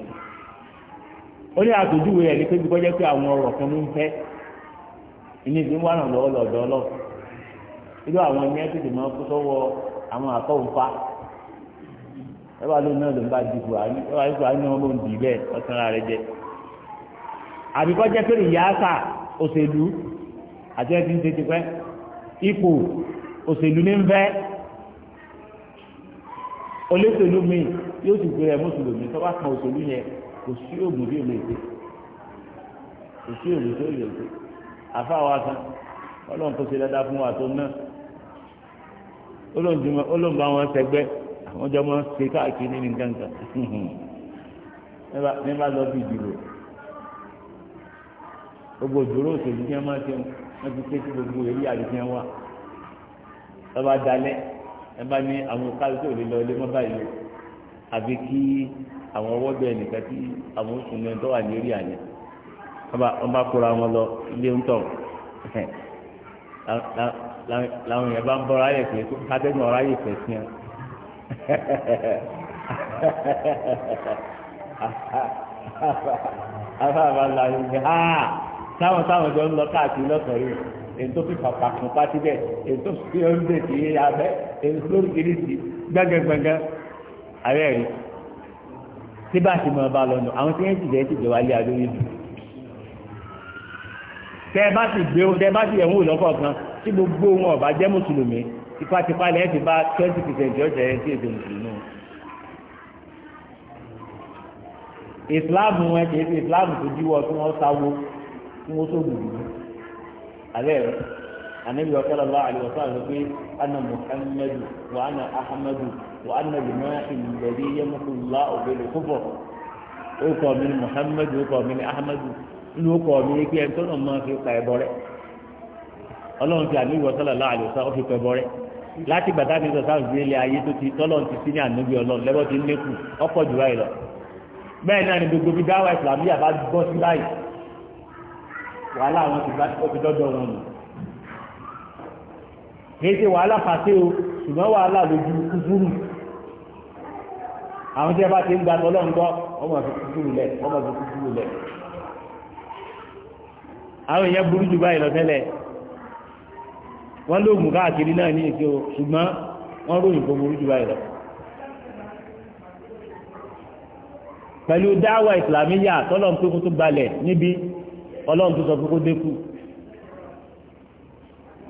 ó ní àtòjúwe rẹ̀ ní pé kọjá pé àwọn ọ̀rọ̀ kan ń fẹ́ ìní ìdí wà ràn lọ́wọ́ lọ́dọ̀ ọlọ́ irú àwọn ẹni ẹ́ tètè máa kó sọ́wọ́ àwọn àtọ̀nfà ẹ wá lóun náà ló ń bá di buhari ẹ wá ní buhari náà ló ń dì í bẹ́ẹ̀ ọ̀sán ara rẹ jẹ àbíkọ́ jẹ́ pé ìyáàsà òṣèlú àti ẹ ti ń tètè pẹ́ ipò òṣèlú ní ń fẹ́ olóṣèlú mi yóò sì gbé ẹ mùsùlùmí tó bá kan òṣèlú yẹn kò sí òògùn bí òun lè dé kò sí òògùn tó lè dé àfáwà kan ọlọ́run tó ṣe dáadáa fún wa tó ná olóńgbà wọn sẹgbẹ́ àwọn jọmọ ṣe káàkiri ní nǹkan kan ní bá lọ bí ìdìbò gbogbo ìdúró òṣèlú tí wọn máa ṣe wọn ti ké sí gbogbo èyí àdìsí wọn wà lọba dalẹ ẹ bá ní àwọn kálukú òde lọ ilé mọba yìí àfi kí àwọn ọwọ́ bẹ́ẹ̀ nìkan tí àwọn oṣù mẹ́tọ́ wà ní orí àná wọ́n bá kóra wọn lọ ilé ń tọ̀ làwọn èèyàn bá ń bọ́ra ayé pé atẹ́gùn ọ̀rá yìí fẹ̀ sí ẹ. afáàbà la yìí ní ha táwọn táwọn jọ ń lọ káàkiri lọ́sàn-án yìí èyí tó fi pàpà kún pátí bẹ́ẹ̀ èyí tó fi ọ́n dè sí abẹ́ èyí lórí kiri sí gbẹ́gbẹ́gbẹ́gbẹ́ ààrẹ rí tí bá a ti mọ̀ ọ́ bá lọ nù àwọn tí wọ́n ti jẹ́ ti jẹ́ wálé adó yìí tẹ́ bá sì gbé tẹ́ bá sì ẹ̀wọ̀n ìlọ́kọ̀ kan tí gbogbo wọn ọ̀bá jẹ́ mùsùlùmí tipátipá lẹ́yìn ti bá twenty percent ọ̀sẹ̀ ẹ̀ sí èdè mùsùlùmí. ìsìláàmù wọn kì í ṣe ìsìláàmù tó jíwọ́ tí wọ́n sáwó tí wọ́n sọ gbùgbù alẹ́ rẹ̀ anabi wa sallallahu alayhi wa sallam pé ana muhammadu wa ana ahmadu wa ana limahi lori yamukullah obele ó kọ́ mi ni muhammadu ó kọ́ mi ni ahmadu. inú ọkọ̀ mi ni pé ẹni tó náà máa fi pa ẹ̀bọ rẹ ọlọ́run ti àmì ìwọ sọ́lá láàlú sá ó fi pa rẹ láti gbàtà mi sọ sáà ìdílé ayé tó ti tọ́lọ́run ti sí ní ànábì ọlọ́run lẹ́bọ̀ ti ń lékù ọ̀pọ̀ jù báyìí lọ bẹ́ẹ̀ náà ni gbogbo bí dáwà ìsìlámíyà bá gbọ́ sí báyìí wàhálà àwọn ti bá ti dọ́dọ̀ wọn nù kìí ṣe wàhálà pàṣẹ o ṣùgbọ́n wàhálà lójú kúkúrú àwọn tí a bá ti ń fi kúkúrú fi kúkúrú àwọn èèyàn burú jù báyìí lọ tẹ́lẹ̀ wọ́n ló mú káàkiri náà ní ìṣó ṣùgbọ́n wọ́n ròyìn kó burú jù báyìí lọ. pẹ̀lú dáwà ìsìlámíyà tọ́lọ́n pé kó tó balẹ̀ níbi ọlọ́run tó sọ pé kó dékù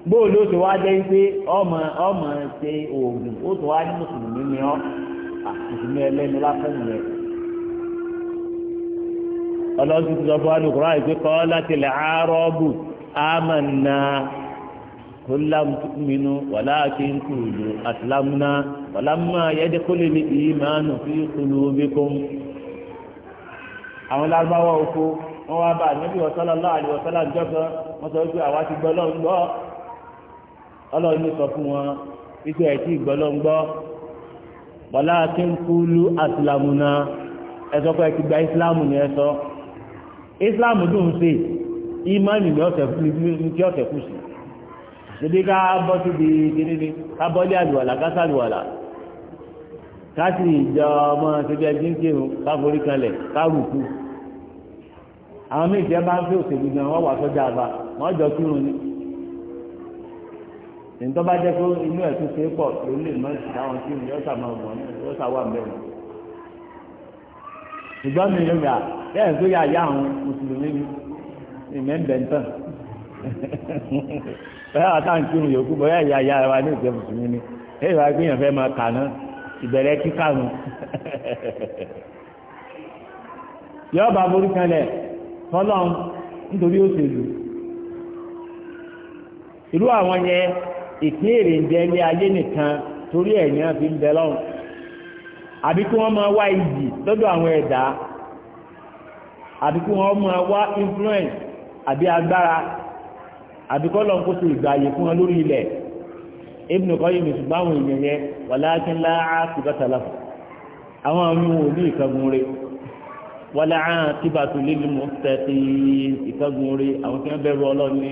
bóòlù ó ti wá jẹ́ pé ọmọ ọmọ ṣe oògùn ó ti wá ní mùsùlùmí ni ọ́ mùsùlùmí ẹlẹ́nu lásán nìyẹn ọlọ́sùn ti sọ fún alùpùpù àìpé kọ́ láti lè àárọ̀bù àmàna kúlám mímú wàlá kínkùlù àtìlámúná wàlámà yẹ́dẹ́ kó lè ní ìmánu fi kúlù bíkún. àwọn lárúbáwá oko wọn wá bá ànábì ọ̀sán lọ́wọ́ àlè ọ̀sán lájọ́ kan wọ́n sọ wípé àwa ti gbọ́ lọ́wọ́ gbọ́ ọlọ́run ní sọ fún wọn wípé ẹ̀ tí gbọ́ lọ́wọ́ gbọ́ wàlá kínkùlù àtìlámúná ẹ sọ pé ẹ ti gba ìsìlámù ni ẹ sọ islam dùn ṣe ìmánì ní ọ̀sẹ̀ ní ọ̀sẹ̀ kù sí ṣèdí ká bọ́ sí di kíníní ká bọ́lé àlùwàlà ká sàlùwàlà ká sì jọ ọmọ ṣẹbi ẹbí ń kírun ká forí kalẹ̀ ká rùkú àwọn míì jẹ́ bá ń fẹ́ òṣèlú gan wọ́n wà sọ́jà àbá wọ́n jọ kírun ni nítorí bá jẹ́ pé inú ẹ̀ tún ṣe é pọ̀ lórí lè má sí àwọn kírun yọ́sà máa wọ̀ ní yọ́sà wà ṣùgbọ́n mi yóò gbà bẹ́ẹ̀ tó yà yá àwọn mùsùlùmí ni ìmẹ̀ ń bẹ̀ ń tàn bẹ́ẹ̀ wà táwọn kírun yòókù bọ́yá ní mùsùlùmí ni ẹ̀ wá gbìyànjú fẹ́ máa kà náà ìbẹ̀rẹ̀ kíkà nù bá borí kanlẹ̀ fọlọ́n nítorí àwọn yẹn ìpín èrè ń ilé ayé nìkan torí ẹ̀yìn ń bẹ àbí kí wọ́n máa wá iyì lọ́dọ̀ àwọn ẹ̀dá àbí kí wọ́n máa wá influence àbí agbára àbí kọ́ lọ́n kó so ìgbà ayé fún wọn lórí ilẹ̀ Ibn Qayyim ṣùgbọ́n àwọn èèyàn yẹn walakin la aqibata lahu àwọn àmì wọn ò ní ìkángun rẹ̀ wala aqibatu lil muttaqin ìkángun rẹ̀ àwọn tí wọ́n bẹ̀rù Ọlọ́run ni.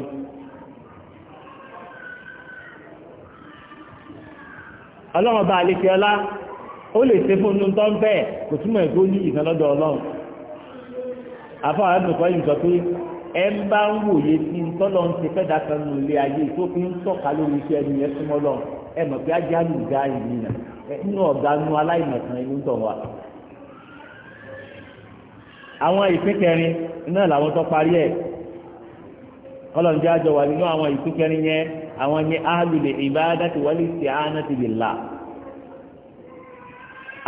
ọlọ́run bá àlejò ọlá ó lè ṣe fún un tó ń bẹ́ẹ̀ kò túmọ̀ èkó ní ìkan ọlọ́run àfọwọ́ àdùnkọ́ yìí pé ẹ ń bá ń wòye ń ṣe ilé ayé tó fi ń tọ́ka lórí iṣẹ́ ẹni yẹn súnmọ́ lọ ẹ mọ̀ pé ajá nínú ọ̀gá nu aláìmọ̀kan ìlú tọ̀ wá. àwọn náà làwọn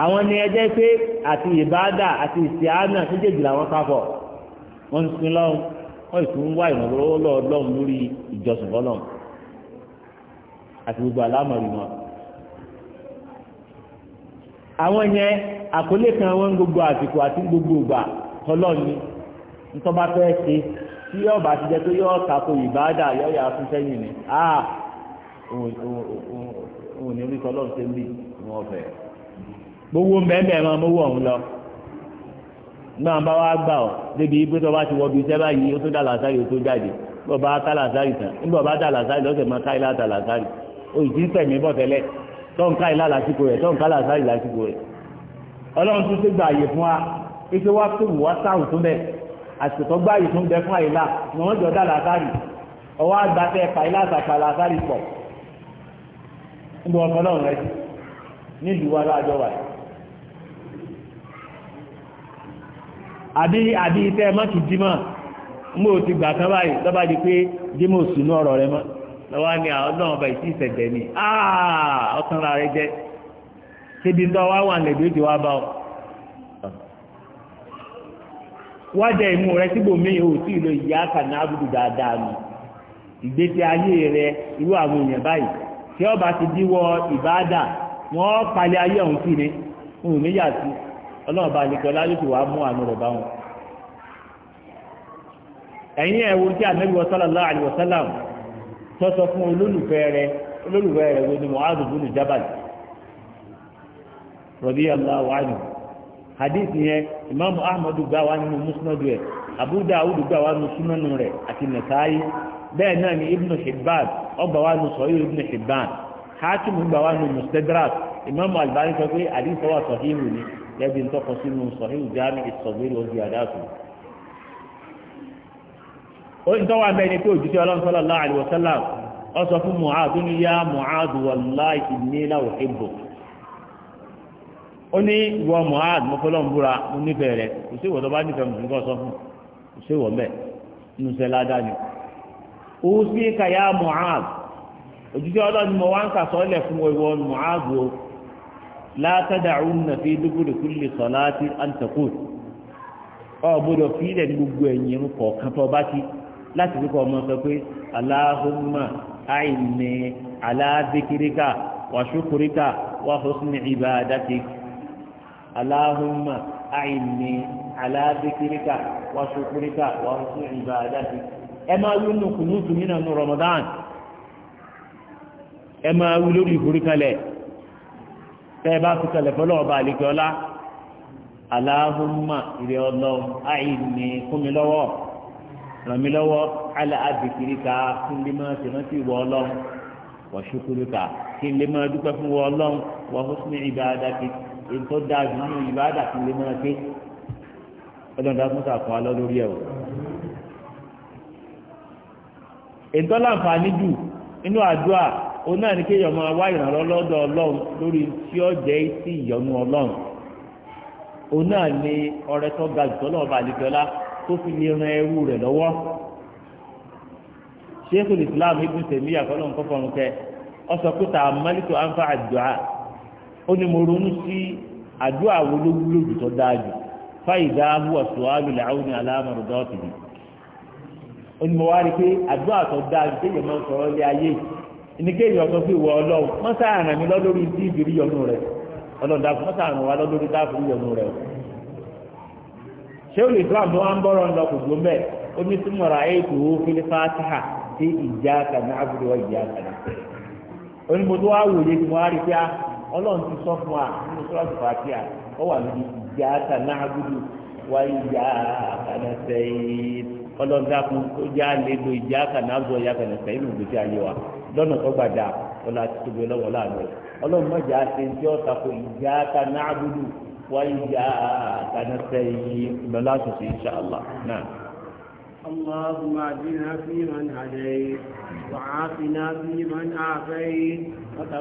àwọn ni ẹjẹ́ pé àti ìbáàdà àti ìsìáánà méjèèjì làwọn papọ̀ wọ́n ń sin lọ́run wọ́n sì ń wá ìrànlọ́wọ́ lọ́ọ̀lọ́run lórí ìjọsìn fọlọ́run àti gbogbo àlámọ̀rí wọn. àwọn yẹn àkọlé kan wọn gbogbo àsìkò àti gbogbo ìgbà fọlọ́run ni ntọ́ba fẹ́ ṣe tí yóò bá ti jẹ́ pé yóò tako ìbáàdà yóò yà fún sẹ́yìn ni ah òun ò ní orí fọlọ́run ṣe ń bì ní wọ́n fẹ́ẹ́. gbogbo mẹ́mẹ́ máa mówó ọ̀hún lọ náà bá wá gbà ọ́ débi ibi tó bá ti wọ iṣẹ́ báyìí ó tó dà ó tó jáde bó bá ká tán bá dà lọ́sẹ̀ máa ká ilá dà tẹ̀mí bọ̀ tẹ́lẹ̀ ká ilá lásìkò rẹ̀ ká lásìkò rẹ̀ ọlọ́run tún fún wa fún wọ́n jọ dà ọwọ́ àbí àbí tẹ́ ẹ má ti dímọ̀ ti gbà tán báyìí lọ́ba di pé dímọ̀ sùnú ọ̀rọ̀ rẹ mọ́ lọ́wọ́ ni àwọn náà ọba ìsí ni ọ̀tàn ra rẹ jẹ́ ṣébi ń tọ́ wà lẹ́gbẹ̀ẹ́ ti wá bá ọ. wá jẹ ìmú rẹ síbò míì ò tí lo ìyá kàná àbúrò dáadáa nù ìgbésí ayé rẹ irú àwọn èèyàn báyìí tí ọba ti díwọ́ ìbáàdà wọ́n palẹ̀ ayé ọ̀hún sí ni sí i. ọlọ́run bá àlekọ́ láyé tó wàá mú àánú rẹ̀ bá wọn. ẹ̀yin ẹ̀ wo tí ànábì sallallahu alaihi wasallam tọ́sọ fún olólùfẹ́ rẹ̀ olólùfẹ́ rẹ̀ wo ni Mu'adh bin Jabal radiyallahu anhu hadith yẹn imaamu ahmadu gba wa nínú musnadu yẹ abu dawud gba wa nínú sunanu rẹ̀ àti nasaai bẹ́ẹ̀ náà ni ibnu hibban ọgbà wa nínú sọyìn ibnu hibban hakim gba wa nínú mustadrak imaamu albani sọ pé hadith wa sọhíhù ni gẹ́gẹ́ ń tọ́kọ sínú sọ̀hìn jáàmì ìsọ̀gbẹ́rì ojú àdáàtú. ó ń tọ́wọ́ abẹ́ ni pé òjúṣe ọlọ́run sallallahu alaihi wasallam ọ sọ fún Mu'adh ní yá Mu'adh wallahi inni la uhibbu. ó ní wọ Mu'adh mọ́fọ́lọ́ ń búra mo nífẹ̀ẹ́ rẹ̀ kò sí ìwọ tó bá nífẹ̀ẹ́ mùsùlùmí kọ́ sọ fún kò sí ìwọ la na fi duburi kulli salati an taqul ọ gbọ́dọ̀ fi ilẹ̀ gugu gbogbo ẹ̀yìn irun kọ̀ọ̀kan tó bá ti láti fi kọ́ ọmọ sọ pé Allahumma a'inni ala dhikrika wa shukrika wa husni ibadatik Allahumma a'inni ala dhikrika wa shukrika wa husni ibadatik ẹ máa wí nù kùnú tùmínà Ramadan ẹ máa wí tẹ́ bá fi kalẹ̀ fọlọ́ ọba àlejòọ́lá aláhùnmá ìrẹ́ ọlọ́run àìní fún mi lọ́wọ́ ràn mí lọ́wọ́ alẹ́ àbìkìríkà kí n lè máa tẹ̀rántì ìwọ ọlọ́run wọ́n ṣukúrúkà kí n lè máa dúpẹ́ fún ìwọ ọlọ́run wọ́n fún mi ìbáradà kí n tó dáa jù nínú ìbáradà kí lè máa gbé ọlọ́run dákún sàkún alọ́ lórí ẹ̀ o. ètò láǹfààní jù nínú àdúrà òun náà ní kéèyàn máa wá ìrànlọ́ lọ́dọ̀ ọlọ́run lórí tí ó jẹ́ sí ìyọnu ọlọ́run òun náà ní ọrẹ tó ga jù tọ́lọ́ ọba àdìgbọ́lá tó fi lè ran ẹrú rẹ̀ lọ́wọ́ Sheikhul Islam Ibn Taymiyyah àkọ́lọ́ nǹkan fọ̀rùn kẹ ọ sọ pé tà mẹ́lìkì ànfà àdùá ó ní mo ronú sí àdúrà wo ló wúlò jù tó dáa jù fáìdá huwa su'alu al-'awni 'ala mardatihi ó ní mo wá rí pé àdúrà tó dáa jù téèyàn máa ń sọ̀rọ̀ lé ayé yìí ìníkéyìí ọ̀sọ́ pé ìwọ ọlọ́run wọ́n sáàràn mi lọ́lórí tí ìbírí yọnu rẹ̀ ọlọ́run dáàbò wọ́n sáàràn wa a dáàbò yọnu rẹ̀ o. ṣé olè islam tó wá ń lọ kò gbọ́n ó ní sí mọ̀ra ètò òfin fatiha sí ìjà kaná abúlé ìjà wòye tí rí ah, ọlọ́run ti sọ fún lọ́nà tó gbàdá ọ̀la ti tóbi ọlọ́wọ́ láàánú rẹ̀ ọlọ́run mọ̀jà àti ẹni tí ó tako ìjà ta náà dúdú wá ìjà àtànàfẹ́ yìí lọ́la tó ti ṣe àlá náà. اللهم اهدنا فيمن هديت وعافنا فيمن عافيت